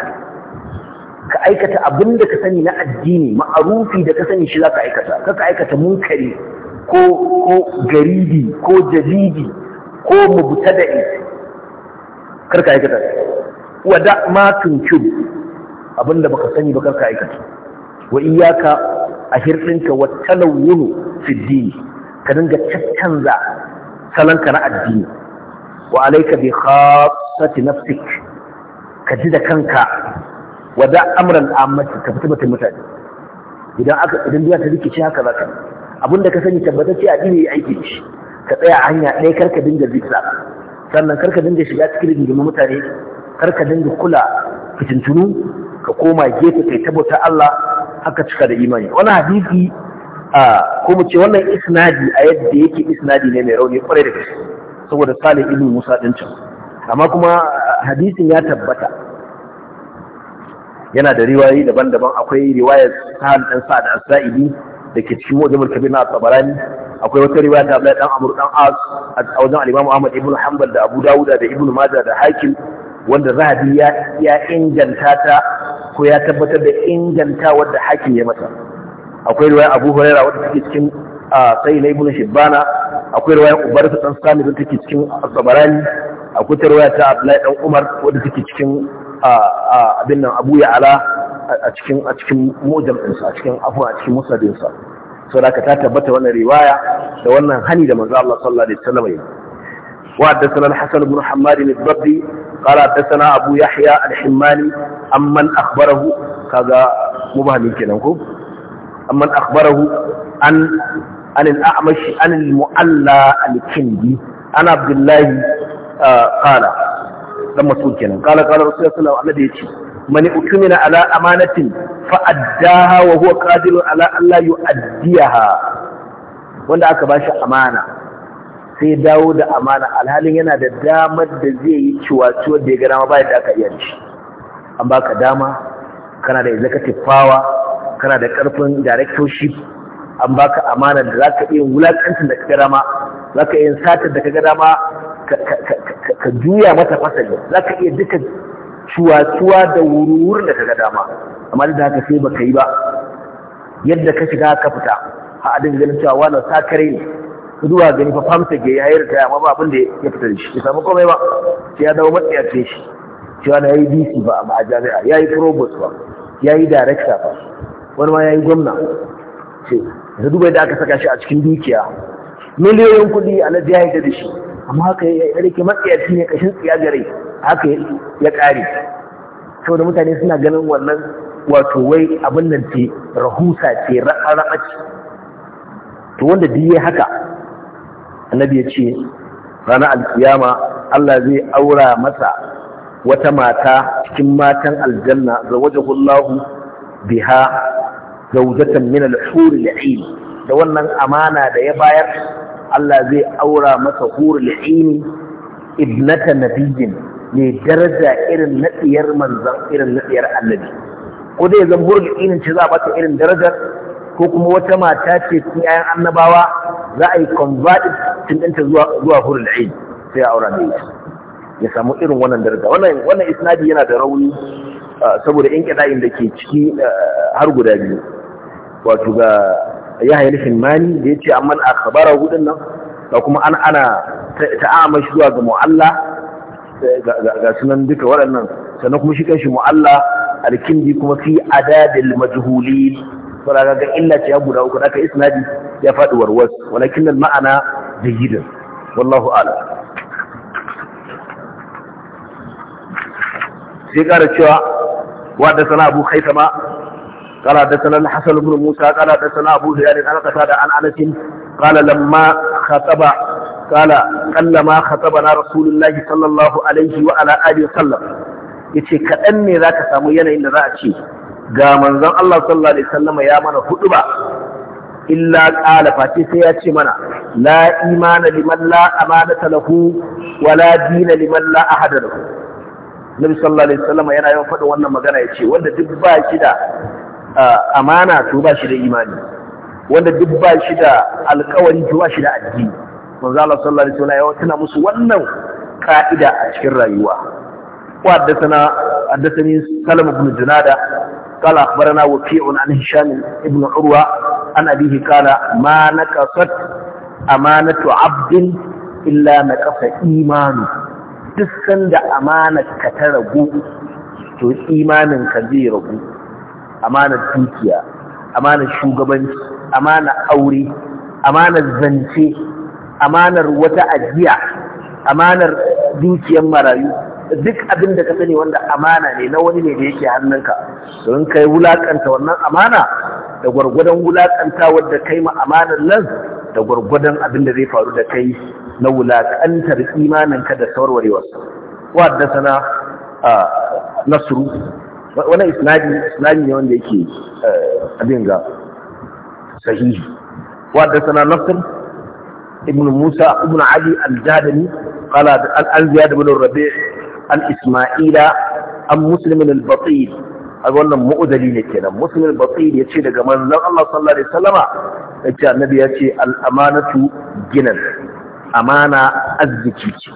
ka aikata abin da ka sani na addini ma'arufi da ka sani shi zaka aikata ka aikata munkari ko ko garibi ko jadidi ko mubtada'i ka aikata Wa da ma tunkib abinda baka sani ba kar ka aikata wa iyyaka a hirɗinka wa talawwunu fi ka dinga caccanza salanka na addini wa alaika bi khassati nafsik ka ji da kanka wada amran ammati ka fita mutum mutane idan aka idan biya ta rikici haka zaka abinda ka sani tabbatacce addini ya aiki shi ka tsaya a hanya ɗaya karka dinga zikira sannan karka dinga shiga cikin rigingimin mutane karka dinga kula fitintunu ka koma gefe kai tabbata Allah haka cika da imani wani hadisi a ko ce wannan isnadi a yadda yake isnadi ne mai rauni kwarai da gaske saboda salih ibn musa din can amma kuma hadisin ya tabbata yana da riwayoyi daban-daban akwai riwayar sa'ad ɗan sa'ad as-sa'idi da ke cikin mujamul kabir na tabarani akwai wata riwaya ta Abdullahi dan Amr dan As a wajen al Ahmad ibn Hanbal da Abu Dawud da Ibn Majah da Hakim wanda Zahabi ya inganta ta ko ya tabbatar da inganta wadda Hakim ya mata. akwai riwaya abu huraira wadda take cikin sai na ibnu shibbana akwai riwaya ubar ta dan sami da take cikin sabarani akwai ta riwaya ta abdullahi dan umar wadda take cikin abin nan abu ya'ala a cikin a cikin mujam ɗinsa a cikin afu a cikin musnadinsa So, da ta tabbata wannan riwaya da wannan hani da manzo Allah sallallahu alaihi wasallam ya وحدثنا الحسن بن حماد الضبي قال حدثنا أبو يحيى Amman, عمن kaga كذا kenan ko. amman akhbarahu an an al-a'mash an al-mu'alla al-kindi an abdullahi uh, qala dan masu kenan qala qala rasulullahi sallallahu alaihi wasallam man ukmina ala amanatin fa addaha wa huwa qadirun ala an la yu'addiha wanda aka bashi amana sai dawo da amana alhalin yana da damar da zai yi ciwaciwar da ya ga dama bayan da aka iya da shi an baka dama kana da executive power kana da karfin directorship an baka amana da zaka iya wulakancin da kaga dama zaka iya satar da kaga dama ka juya mata fasali zaka iya duka cuwa-cuwa da wuruwurin da kaga dama amma da haka sai baka yi ba yadda ka shiga ka fita ha adin ganin cewa wannan sakare ne zuwa gani fa famta ge ya yi amma ba abin da ya fita da shi ya samu komai ba ya dawo matsayar ce shi cewa na yi dc ba a jami'a ya yi provost ba ya yi darekta ba wani ma ya yi gwamna ce da dubai da aka saka shi a cikin dukiya miliyoyin kuɗi a na jihar da shi amma haka ya rike matsayarci ne kashin tsiyagare haka ya ƙare saboda mutane suna ganin wannan wato wai abin nan ce rahusa ce ra'a to wanda duk haka annabi ya ce ranar alkiyama Allah zai aura masa wata mata cikin matan aljanna zawajahu Allahu biha zawjatan min al-hur al-ain da wannan amana da ya bayar Allah zai aura masa hur al-ain ibnata nabiyyin ne daraja irin na diyar manzon irin na annabi ko dai zan hur al-ain ce za a bata irin darajar ko kuma wata mata ce cikin ayan annabawa za a yi converted tun ɗanta zuwa hur al-ain sai aura da ita ya samu irin wannan daraja wannan wannan isnadi yana da rauni ah, saboda in kida'in da ke ciki ah, har guda biyu wato ga yahya al-himani da yace mana akhbara hudun nan da kuma an ana ta'ama shi zuwa ga mu'alla eh, ga sunan duka waɗannan sannan kuma shi kanshi mu'alla alkindi kuma fi adadil majhulin fara ga illa ce ya guda uku da aka isnadi ya faɗi warwas walakin kinan ma'ana jayyidin wallahu a'lam sai ƙara cewa wadda sana abu haitama قال حدثنا الحسن بن موسى قال حدثنا ابو زياد قال قتاده عن انس قال لما خطب قال قلما خطبنا رسول الله صلى الله عليه وعلى اله وسلم yace kaɗan ne za ka samu yanayin da za a ce ga manzon Allah sallallahu alaihi wasallam ya mana hudu ba illa qala fati sai ya ce mana la imana liman la amanata lahu wa la dina liman la ahada lahu nabi sallallahu alaihi wasallam yana yawan faɗin wannan magana ya ce wanda duk ba shi da amana to ba shi da imani wanda duk ba shi da alƙawari to ba shi da addini manzo Allah sallallahu alaihi wasallam ya tuna musu wannan ka'ida a cikin rayuwa wa haddathana haddathani Salam ibn Junada قال أخبرنا وكيع عن هشام بن عروة عن أبيه قال ما نقصت أمانة عبد إلا نقص إيمانه duk sanda amanar ka ta ragu to imanin ka zai ragu amanar dukiya amanar shugabanci amanar aure amanar zance amanar wata ajiya amanar dukiyar marayu duk abin da ka sani wanda amana ne na wani ne da yake hannunka don kai wulakanta wannan amana da gwargwadon wulakanta wadda kai ma amanar nan da gwargwadon abin da zai faru da kai na wulakantar imaninka da sawarwarewarsa Wadda da sana nasru wani isnadi isnadi ne wanda yake abin ga sahihi Wadda sana nasr ibn musa ibn ali al-jadani qala al-ziyad ibn rabi' al-isma'ila am muslim al-batil a wannan mu'udali ne kenan musulmin basir ya ce daga manzon Allah sallallahu alaihi wasallama yace annabi ya ce al-amanatu ginan amana azziki ce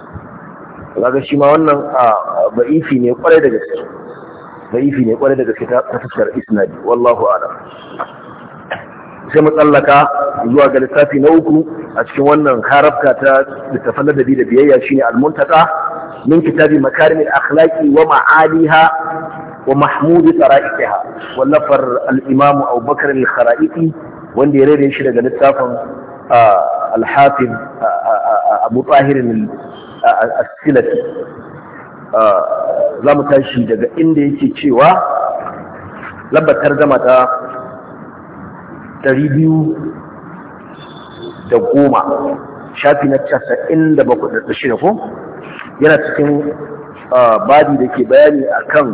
kaga shi ma wannan ba'ifi ne kwarai da gaske ba'ifi ne kwarai da gaske ta fuskar isnadi wallahu a'lam sai mu tsallaka zuwa ga lissafi na uku a cikin wannan harafka ta littafan ladabi da biyayya shine al-muntaka min kitabi makarimin akhlaqi wa ma'aliha ومحمود طرائقها ولفر الإمام أو بكر الخرائطي wanda ya ريدي شي daga littafin al-Hafiz Abu Tahir al-Silati zamu tashi daga inda yake cewa labbar tarjuma ta 200 da goma shafi na 97 da shida ko yana cikin badi da ke bayani akan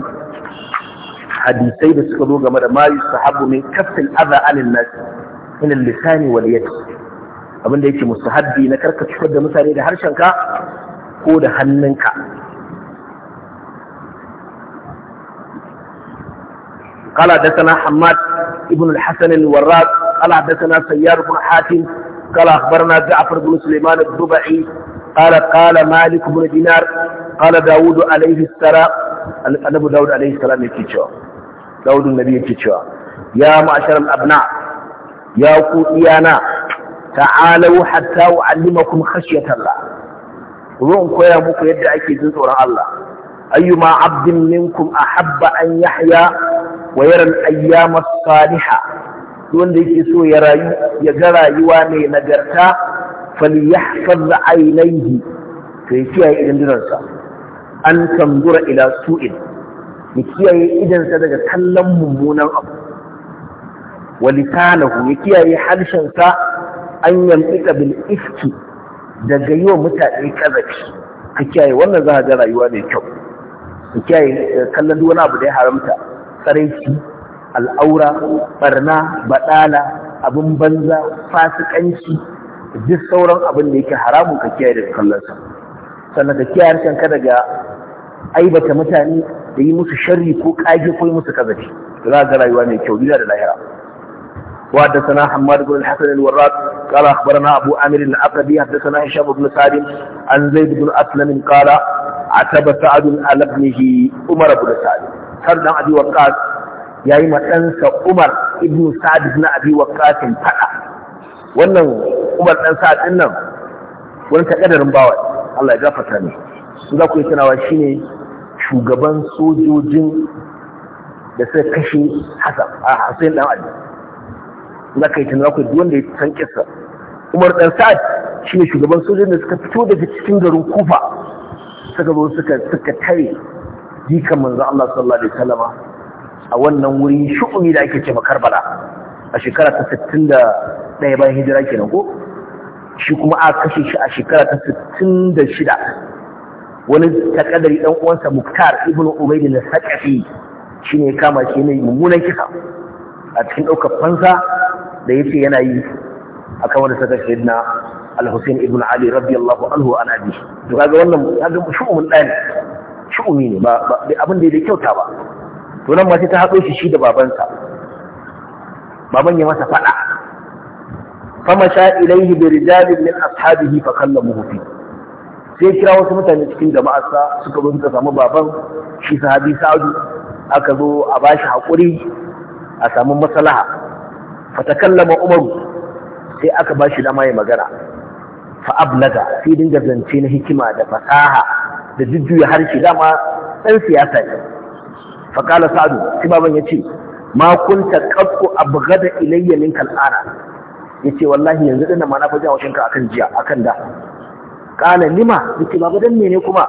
hadisai da suka zo game da mayu sahabu min kafin adha anil nas min al-lisan wal yad abin da yake mustahabbi na karka cutar da mutane da harshenka ko da hannunka قال حدثنا حماد ابن الحسن الوراق قال حدثنا سيار بن حاتم قال أخبرنا جعفر بن سليمان الضبعي قال قال مالك بن دينار قال داود عليه السلام أبو داود عليه السلام يكيشو na nabi yake cewa ya ma'asharal abna ya ku iyana ta'alau hatta u'allimakum khashyatallah ku zo in koya muku yadda ake jin tsoron Allah ayyuma abdin minkum ahabba an yahya wa yara al-ayyama saliha wanda yake so ya rayu ya ga rayuwa mai nagarta falyahfaz aynayhi to ya kiyaye idan dinarsa an tambura ila su'il ya kiyaye idansa daga kallon mummunan abu wa ya kiyaye harshensa an yamtsika ƙabil iski. daga yi wa mutane kazafi ka kiyaye wannan za a ga rayuwa mai kyau ka kiyaye eh, kallon duk wani abu da ya haramta tsaraici al'aura barna baɗala, abin banza fasikanci duk sauran abin da yake haramun ka kiyaye daga kallonsa sannan ka kiyaye ka daga aibata mutane da yi musu sharri ko kage ko yi musu kazafi to za ga rayuwa mai kyau duniya da lahira وحدثنا حماد بن الحسن الوراق قال اخبرنا ابو عامر العقدي حدثنا هشام بن سعد عن زيد بن اسلم قال عتب سعد على ابنه عمر بن سعد سعد ابي وقاص يا ما دانسا عمر ابن سعد بن ابي وقاص فدا wannan Umar dan Sa'ad din nan wani takaddarin bawa Allah ya gafarta mishi za ku yi tunawa shi ne shugaban sojojin da suka kashe Hassan a Hussein dan Ali za ka yi tunawa ku duk wanda ya san kissa Umar dan Sa'ad ne shugaban sojojin da suka fito daga cikin garin Kufa suka zo suka suka tare jikan manzo Allah sallallahu alaihi wasallam a wannan wuri shu'umi da ake cewa Karbala a shekara ta 61 bayan hijira kenan ko shi kuma a kashe shi a shekara ta 66 wani takadari dan uwansa Muktar Ibnu Ubayd al-Saqafi shine kama shi ne mummunan kisa a cikin daukar fansa da yace yana yi akan wanda saka sayyidina Al-Husayn Ibnu Ali radiyallahu anhu an abi to kaga wannan kaga shu'umun dani shu'umi ne ba abin da yake kyauta ba to nan ma sai ta hado shi shi da babansa baban ya masa fada sha ilayhi bi rijalin min ashabihi fa kallamuhu fi sai kira wasu mutane cikin jama'arsa suka zo suka samu baban shi sahabi sa'adu aka zo a bashi haƙuri a samu ta fatakallama umaru sai aka bashi dama ya magana fa ablaga sai dinga zance na hikima da fasaha da jujjuya harshe dama ɗan siyasa ne fa kala sa'adu sai baban ya ce ma kunta buga abghada ilayya minka Ya yace wallahi yanzu dinnan ma na faja washinka akan jiya akan da qala lima yace baba dan mene kuma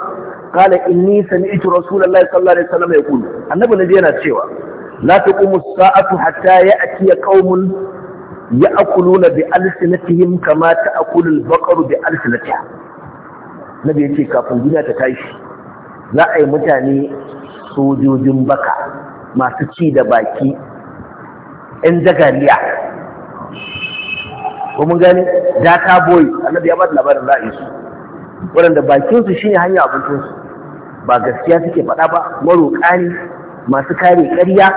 kala inni sami'tu rasulullahi sallallahu alaihi wasallam yaqulu annabi nabi yana cewa la taqumu saatu hatta ya'tiya qaumun ya'kuluna bi alsinatihim kama ta'kulu al-baqaru bi alsinatiha nabi yace kafin duniya ta tashi za a yi mutane sojojin baka masu ci da baki 'yan jagariya ko mun gani data boy annabi ya ba da za ra'ayi su waɗanda bakinsu shi ne hanyar abincinsu ba gaskiya suke faɗa ba maroƙa masu kare ƙarya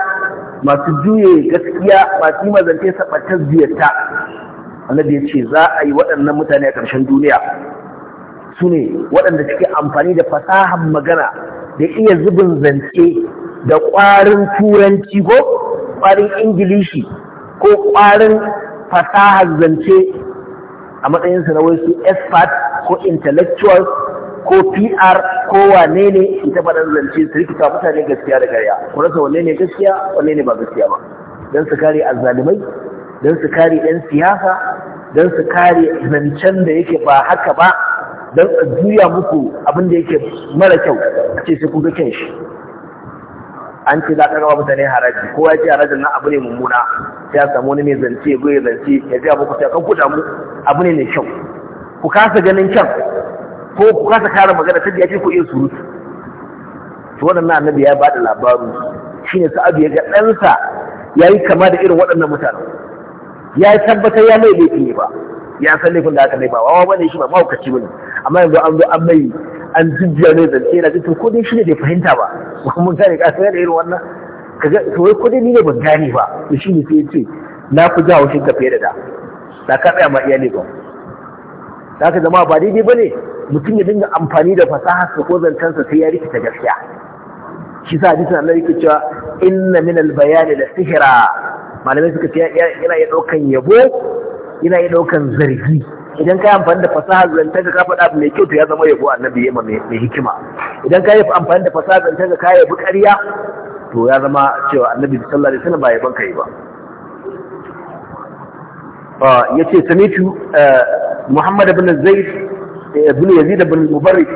masu juye gaskiya masu yi mazance saɓatar ziyarta annabi ya ce za a yi waɗannan mutane a ƙarshen duniya su ne waɗanda suke amfani da fasahar magana da iya zubin zance da ƙwarin turanci ko ƙwarin ingilishi ko ƙwarin fasahar zance a matsayinsu na wasu su ko intellectual ko PR ko wane ne ita faɗar zance su rikita mutane gaskiya da gariya ku rasa wane ne gaskiya wane ne ba gaskiya ba don su kare azalimai, don su kare ɗan siyasa don su kare zancen da yake ba haka ba don a juya muku abin da yake mara kyau a ce sai kuka kyan shi an ce za a ɗaga mutane haraji kowa ya ce harajin nan abu ne mummuna sai a samu wani mai zance ya zance ya ji abu ku ya kan kuɗa mu abu ne mai kyau ku kasa ganin can ko ku kasa kare magana ta ya ce ku iya surutu to waɗannan annabi ya bada labaru shine sa'adu ya ga ɗansa ya yi kama da irin waɗannan mutanen ya tabbatar ya mai laifin ne ba ya san laifin da aka mai ba wawa bane shi ba mahaukaci bane amma yanzu an zo an mai an jijjiya ne zance yana jin ko dai shi ne bai fahimta ba [laughs] mun gane ka san irin wannan ga to wai ko dai ni ne ban gane ba to shi ne sai ya ce na fi jawo shi ka fiye da da da ka tsaya ma iyali ba da haka zama ba daidai ba ne. mutum ya dinga amfani da fasaha su ko zancansa sai ya rikita gaskiya shi sa hadisin Allah yake cewa inna min al-bayan la sihra malamai suka ce yana iya daukan yabo yana iya daukan zargi idan ka yi amfani da fasaha zantanka ka faɗa mai kyau to ya zama yabo annabi yema mai hikima idan ka yi amfani da fasaha zantanka ka yabi ƙarya to ya zama cewa annabi sallallahu alaihi wasallam ba banka yi ba ya ce samitu muhammad bin zaid bin yazid bin mubarak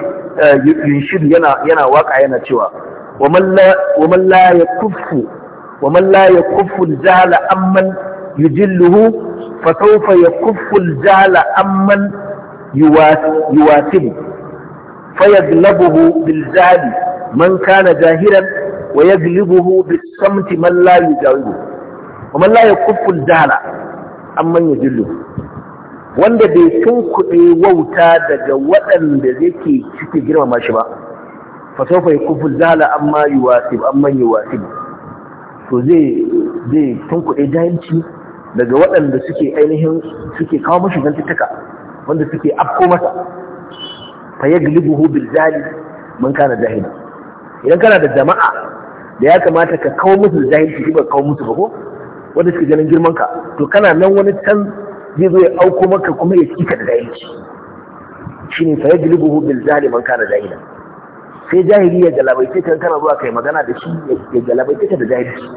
yunshid yana yana waka yana cewa wa man la yakuffu wa man la yakuffu al-jahl amman yujilluhu fa sawfa yakuffu al-jahl amman yuwasibu fayaglabuhu bil jahl man kana jahiran wa yaglabuhu bis samti man la yujawibu wa man la yakuffu al-jahl An manya jillu wanda bai tun kuɗe wauta daga waɗanda yake cikin girmama shi ba kufu zala an mayu amma an manya yuwasib to zai zai tun kuɗe jahilci daga waɗanda suke ainihin suke kawo mashi tattaka, wanda suke afko masa fa yaglibuhu bil zali man kana jahila idan kana da jama'a da ya kamata ka kawo musu jahilci ba kawo musu ba ko wanda suke ganin girman ka to kana nan wani can zai zo ya auko maka kuma ya cika da zahilci shine fa buhu bil zaliman kana zahila sai jahili ya galabaice kan kana zuwa kai magana da shi ya galabaice ka da jahilci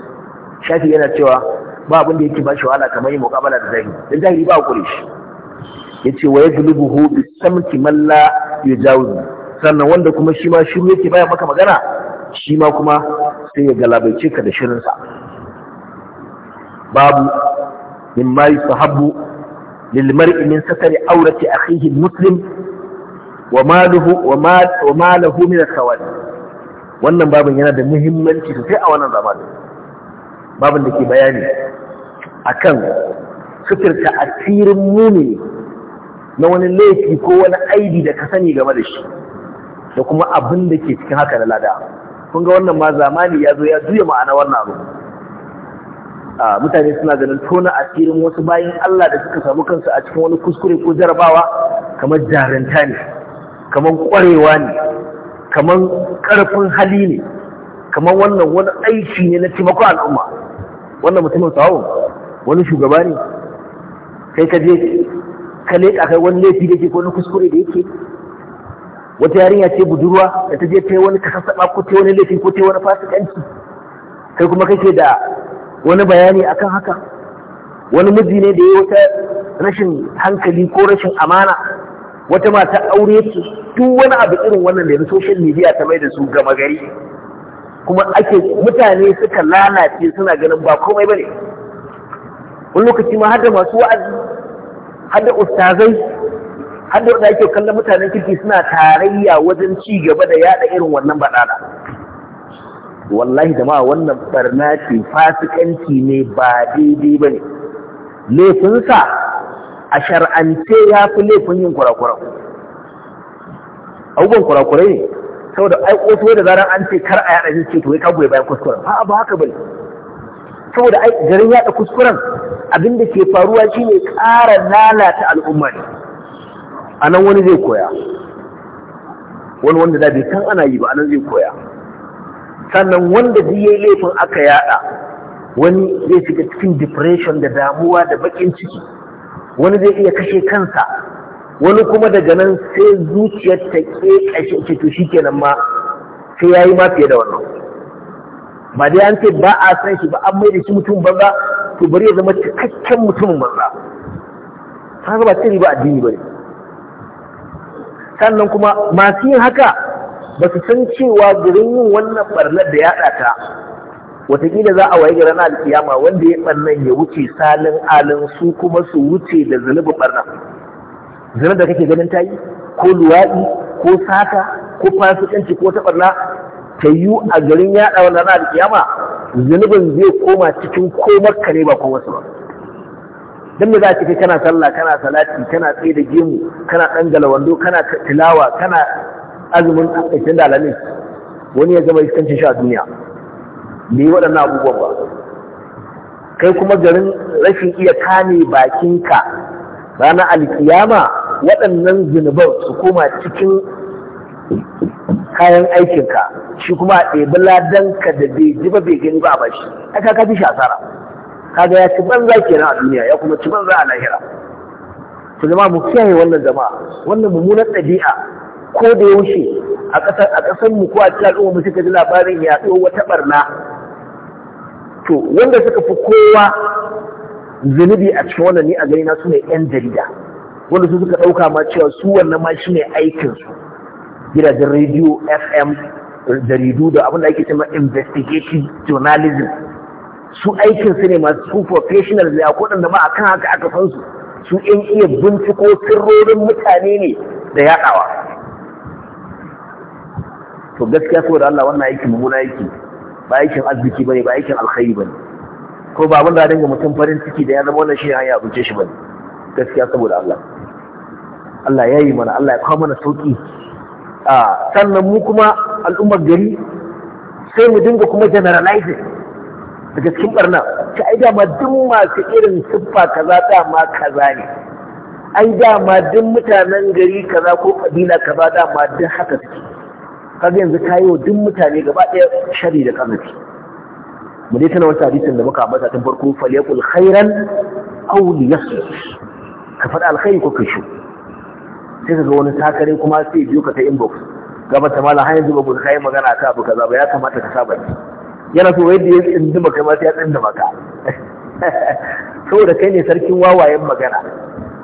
shafi yana cewa ba abin da yake ba shi wahala kamar yin muqabala da zahiri dan jahili ba hakuri shi yace wa buhu bi samti man la yujawizu sannan wanda kuma shi ma shiru yake baya maka magana shi ma kuma sai ya galabaice ka da shirinsa babu mimma yusahabu lil mar'i min satari awrati akhihi muslim wa maluhu wa ma wa malahu wannan babin yana da muhimmanci sosai a wannan zamanin babin da ke bayani akan suturta asirin mumini na wani laifi ko wani aibi da ka sani game da shi da kuma abin da ke cikin haka na lada kun ga wannan ma zamani ya zo ya juya ma'ana wannan abu mutane suna ganin tona asirin wasu bayan Allah da suka samu kansu a cikin wani kuskure ko jarabawa kamar jaranta ne kamar kwarewa ne kamar karfin hali ne kamar wannan wani aiki ne na taimakon al'umma wannan mutumin tsawon wani shugaba ne kai ka je ka leƙa kai wani laifi da ke ko wani kuskure da yake wata yarinya ce budurwa da ta je ta yi wani saba ko ta wani laifi ko ta wani fasikanci kai kuma kake da wani bayani akan haka wani miji ne da ya wata rashin hankali ko rashin amana wata mata aure ce duk wani abu irin wannan da social media ta mai da su gama gari kuma ake mutane suka lalace suna ganin ba komai bane wani lokaci ma har masu wa'azi har ustazai har da ake kallon mutanen kirki suna tarayya wajen ci gaba da yada irin wannan baɗaɗa wallahi jama'a wannan barna ce fasikanci ne ba daidai ba ne laifinsa a shar'ance ya fi laifin yin kurakura abubuwan kurakura ne saboda ai koso da zaran an ce kar a yada jince to ya kagoye bayan kuskuren ha ba haka bane saboda ai garin yada kuskuren abin da ke faruwa shine ƙara lalata al'umma ne A nan wani zai koya wani wanda da bai kan ana yi ba a nan zai koya sannan wanda duk yayi laifin aka yada wani zai shiga cikin depression da damuwa da bakin ciki wani zai iya kashe kansa wani kuma daga nan sai zuciyar ta ke kashe to shikenan ma sai yayi ma fiye da wannan ba dai an ce ba a san shi ba an mai da shi mutum banza to bari ya zama cikakken mutumin banza ta ba ciri ba addini bane sannan kuma masu yin haka ba su san cewa gurin yin wannan barnar da yaɗa ɗata watakila za a waye gari na alkiyama wanda ya barnan ya wuce salin alin su kuma su wuce da zunubin barnan zunubin da kake ganin tayi, ko luwaɗi ko sata ko fasikanci ko ta barna ta yiwu a garin yaɗa wannan na alkiyama zunubin zai koma cikin komar ka ne ba kuma wasu ba dan me za ka kana sallah kana salati kana tsaye da gemu kana dangala wando kana tilawa kana azumin ƙarshen da alamis wani ya zama iskancin shi a duniya bai yi waɗannan abubuwan ba kai kuma garin rashin iya kame bakinka ranar alkiyama waɗannan zunuban su koma cikin kayan aikinka shi kuma a ɗebi ladanka da bai ji ba bai gani ba a shi aka kafi shi asara kaga ya ci banza kenan a duniya ya kuma ci banza a lahira su zama mu kiyaye wannan jama'a wannan mummunan ɗabi'a ko da yaushe a ƙasar a ƙasar mu ko a cikin al'umma mu suka ji labarin yaɗo wata barna to wanda suka fi kowa zunubi a cikin wannan ni a gani na su yan jarida wanda su suka ɗauka ma cewa su wannan ma shi aikin su gidajen rediyo fm jaridu da abin da ake cewa investigative journalism su aikin su ne masu professional ne a da ma akan haka aka san su su yan iya binciko sirrorin mutane ne da yaɗawa to gaskiya saboda Allah wannan aikin mummuna yake ba aikin arziki bane ba aikin alkhairi bane ko ba abin da dinga mutum farin ciki da ya zama wannan shi hanya abince shi bane gaskiya saboda Allah Allah ya yi mana Allah ya kawo mana sauki a sannan mu kuma al'ummar gari sai mu dinga kuma generalizing daga cikin barna ta ai dama duk masu irin siffa kaza dama kaza ne ai dama duk mutanen gari kaza ko kabila kaza dama duk haka suke kaga yanzu yi wa duk mutane gaba ɗaya shari da kazafi mu dai tana wata hadisin da muka ambata tun farko falyakul khairan aw liyasmut ka faɗa alkhairi ko kai sai ka ga wani takare kuma sai biyo ka ta inbox gaba ta mala har yanzu ba ku kai magana ka abu kaza ba ya kamata ka saba yana so yadda ya tsinda maka ma sai ya tsinda maka [laughs] saboda kai ne sarkin wawayen magana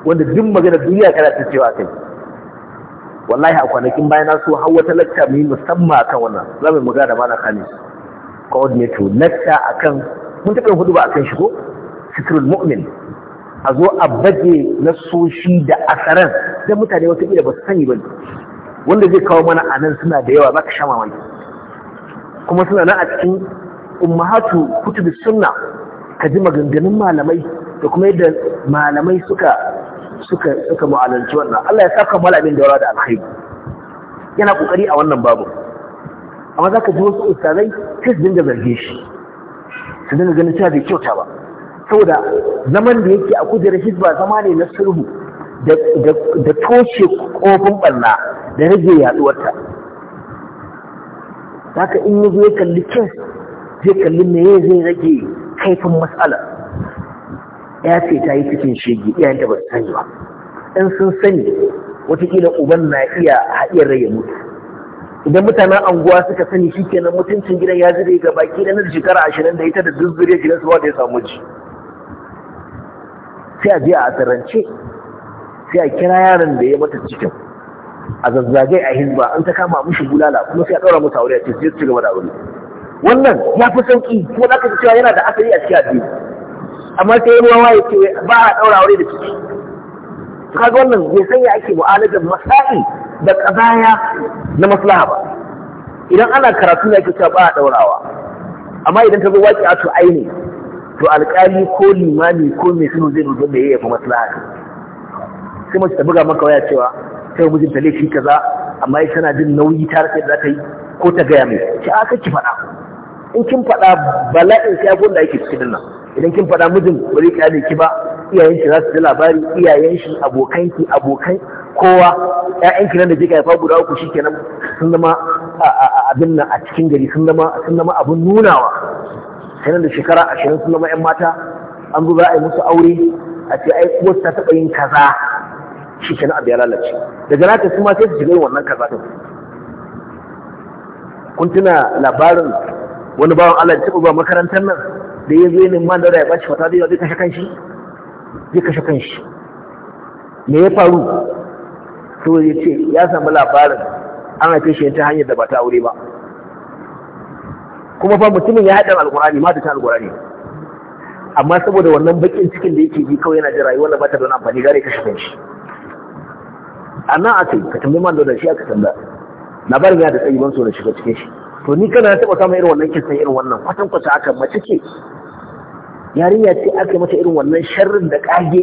wanda duk magana duniya kana ta cewa kai wallahi a kwanakin bayan so har wata lacca mu yi musamman akan wannan za mu magana da malam Khamis lacca akan mun taɓa hudu ba akan shi ko sitrul mu'min a zo a baje nasoshi da asaran da mutane wata kila ba su sani ba wanda zai kawo mana anan suna da yawa za ka sha kuma suna nan a cikin ummahatu kutubi sunna ka ji maganganun malamai da kuma yadda malamai suka suka suka mu'alanci wannan Allah ya saka mala abin daura da alkhairi yana kokari a wannan babu amma zaka ji wasu ustazai sai su dinga zarge shi su dinga ganin cewa bai kyauta ba saboda zaman da yake a kujerar hizba zama ne na sulhu da toshe kofin barna da rage yaduwarta zaka in yazo ya kalli kin zai kalli me zai rage kaifin mas'ala ya ce ta yi cikin shege iyayenta ba su sani ba in sun sani watakila uban na iya haɗiyar rai ya mutu idan mutanen anguwa suka sani shi kenan mutuncin gidan ya zire ga baki na nan shekara ashirin da ita da duk gidan su da ya samu ji sai a je a asirance sai a kira yaron da ya mata cikin a zazzagai a hizba an ta kama mushi bulala kuma sai a ɗaura musu aure a cikin sai su gaba da wannan ya fi sauƙi kuma za ka cewa yana da asali a cikin addini amma sai ruwa waye ce ba a ɗaura wuri da ciki to kaga wannan bai san ya ake mu'alajar masa'i da ƙazaya na maslaha ba idan ana karatu ne ake cewa ba a ɗaurawa amma idan ta zo waƙi a to aini to alƙali ko limami ko mai sunu zai rubuta da yayyafa maslaha sai mace ta buga maka waya cewa sai ta laifi kaza amma ita tana jin nauyi ta rasa za ta yi ko ta gaya mai ki a ki faɗa in kin faɗa bala'in sai abun da ake cikin nan idan kin faɗa mijin ba zai kyale ki ba iyayen shi za su ji labari iyayen shi abokan ki abokan kowa ƴaƴan ki nan da kai haifa guda uku shikenan sun zama abin nan a cikin gari sun zama sun zama abin nunawa sai nan da shekara ashirin sun zama ƴan mata an zo za a yi musu aure a ce ai ko ta taɓa yin kaza shikenan abu ya lalace daga nata su ma sai su shiga wannan kaza din kun tuna labarin wani bawan Allah da taɓa ba makarantar nan da ya zo yin man da ya ɓaci fata zai kashe kanshi zai kashe kanshi me ya faru to ya ce ya samu labarin an haife shi ta hanyar da ba ta aure ba kuma fa mutumin ya haɗa alƙur'ani ma ta ta alƙur'ani amma saboda wannan bakin cikin da yake ji kawai yana jira rayuwar da ba ta da amfani gare kashe kanshi a nan a ka tambayi man da shi aka tambaya labarin ya da tsayi ban so da shiga cikin shi to ni kana taɓa samun irin wannan kisan irin wannan kwatan kwata aka mace ce yarinya ce aka yi mata irin wannan sharrin da ƙage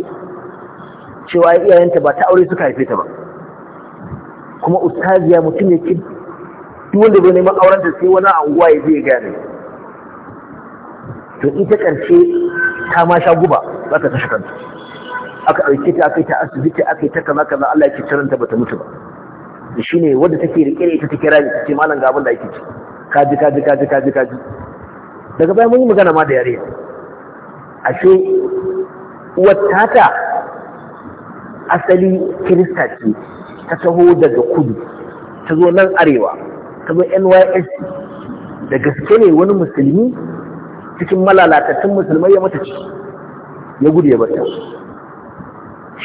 cewa iyayenta ba ta aure suka haife ta ba kuma ustaziya mutum ya ci duk wanda zai neman auren ta sai wani anguwa ya zai gane to ita ƙarshe ta ma sha guba za ta kashe kanta aka ɗauke ta aka yi ta asibiti aka yi ta kaza kaza Allah ya ce ta bata mutu ba da ne wadda take rike ita ta kira ni ta ce malam ga abin da ake ci kaji kaji kaji kaji kaji daga bayan mun yi magana ma da yare ashe wata ta asali kirista ce ta taho daga kudu ta zo nan arewa ta zo nysc da gaske ne wani musulmi cikin malalatattun musulmai ya mata ci ya gudu ya bata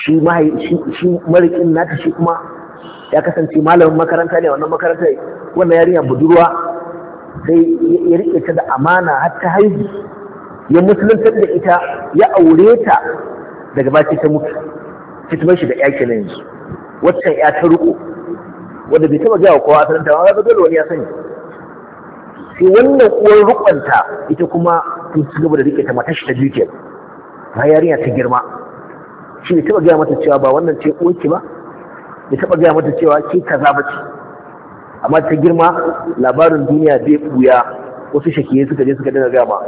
shi marikin nata shi kuma ya kasance malamin makaranta ne wannan makaranta wannan yarinya budurwa sai ya riƙe ta da amana har ta haihu ya musulunta da ita ya aure ta daga baki ta mutu fitman shi da yake na yanzu waccan ya ta riko wanda bai taba gaya wa kowa asalin ta ga dole wani ya sani sai wannan uwar rukunta ita kuma sun su gaba da riƙe ta matashi ta duke ba yarinya ta girma shi bai taba gaya mata cewa ba wannan ce uwarki ba bai taba gaya mata cewa ke kaza ba ce amma ta girma labarin duniya bai buya wasu shakiye suka je suka dana gama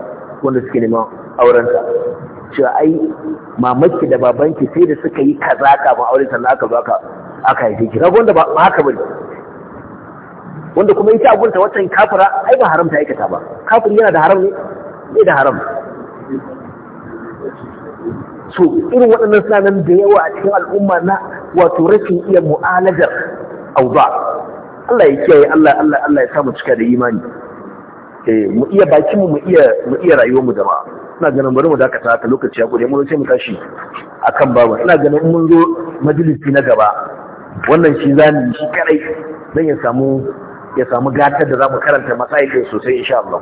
wanda suke neman aurenta cewa ai mamaki da babanki sai da suka yi kaza kafin auren sannan aka zo aka aka haife ki wanda ba haka bane wanda kuma ita abunta watan kafira ai ba haramta aikata ba Kafin yana da haram ne ne da haram so irin waɗannan suna nan da yawa a cikin al'umma na wato rashin iya mu'alajar auba Allah ya kiyaye Allah Allah Allah ya sa mu cika da imani eh mu iya bakin mu iya mu iya rayuwar mu jama'a ina ganin bari mu dakata haka lokaci ya gode mu sai mu tashi akan babu ina ganin mun zo majalisi na gaba wannan shi zamu shi kadai dan ya samu ya samu gatar da zamu karanta masailin sosai insha Allah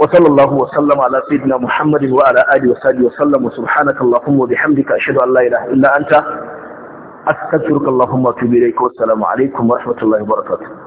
wa sallallahu wa sallama ala sayyidina Muhammadin wa ala alihi wa sahbihi wa sallam subhanakallahumma wa bihamdika ashhadu an la ilaha illa anta astaghfiruka allahumma wa atubu ilayk wa assalamu alaikum wa rahmatullahi wa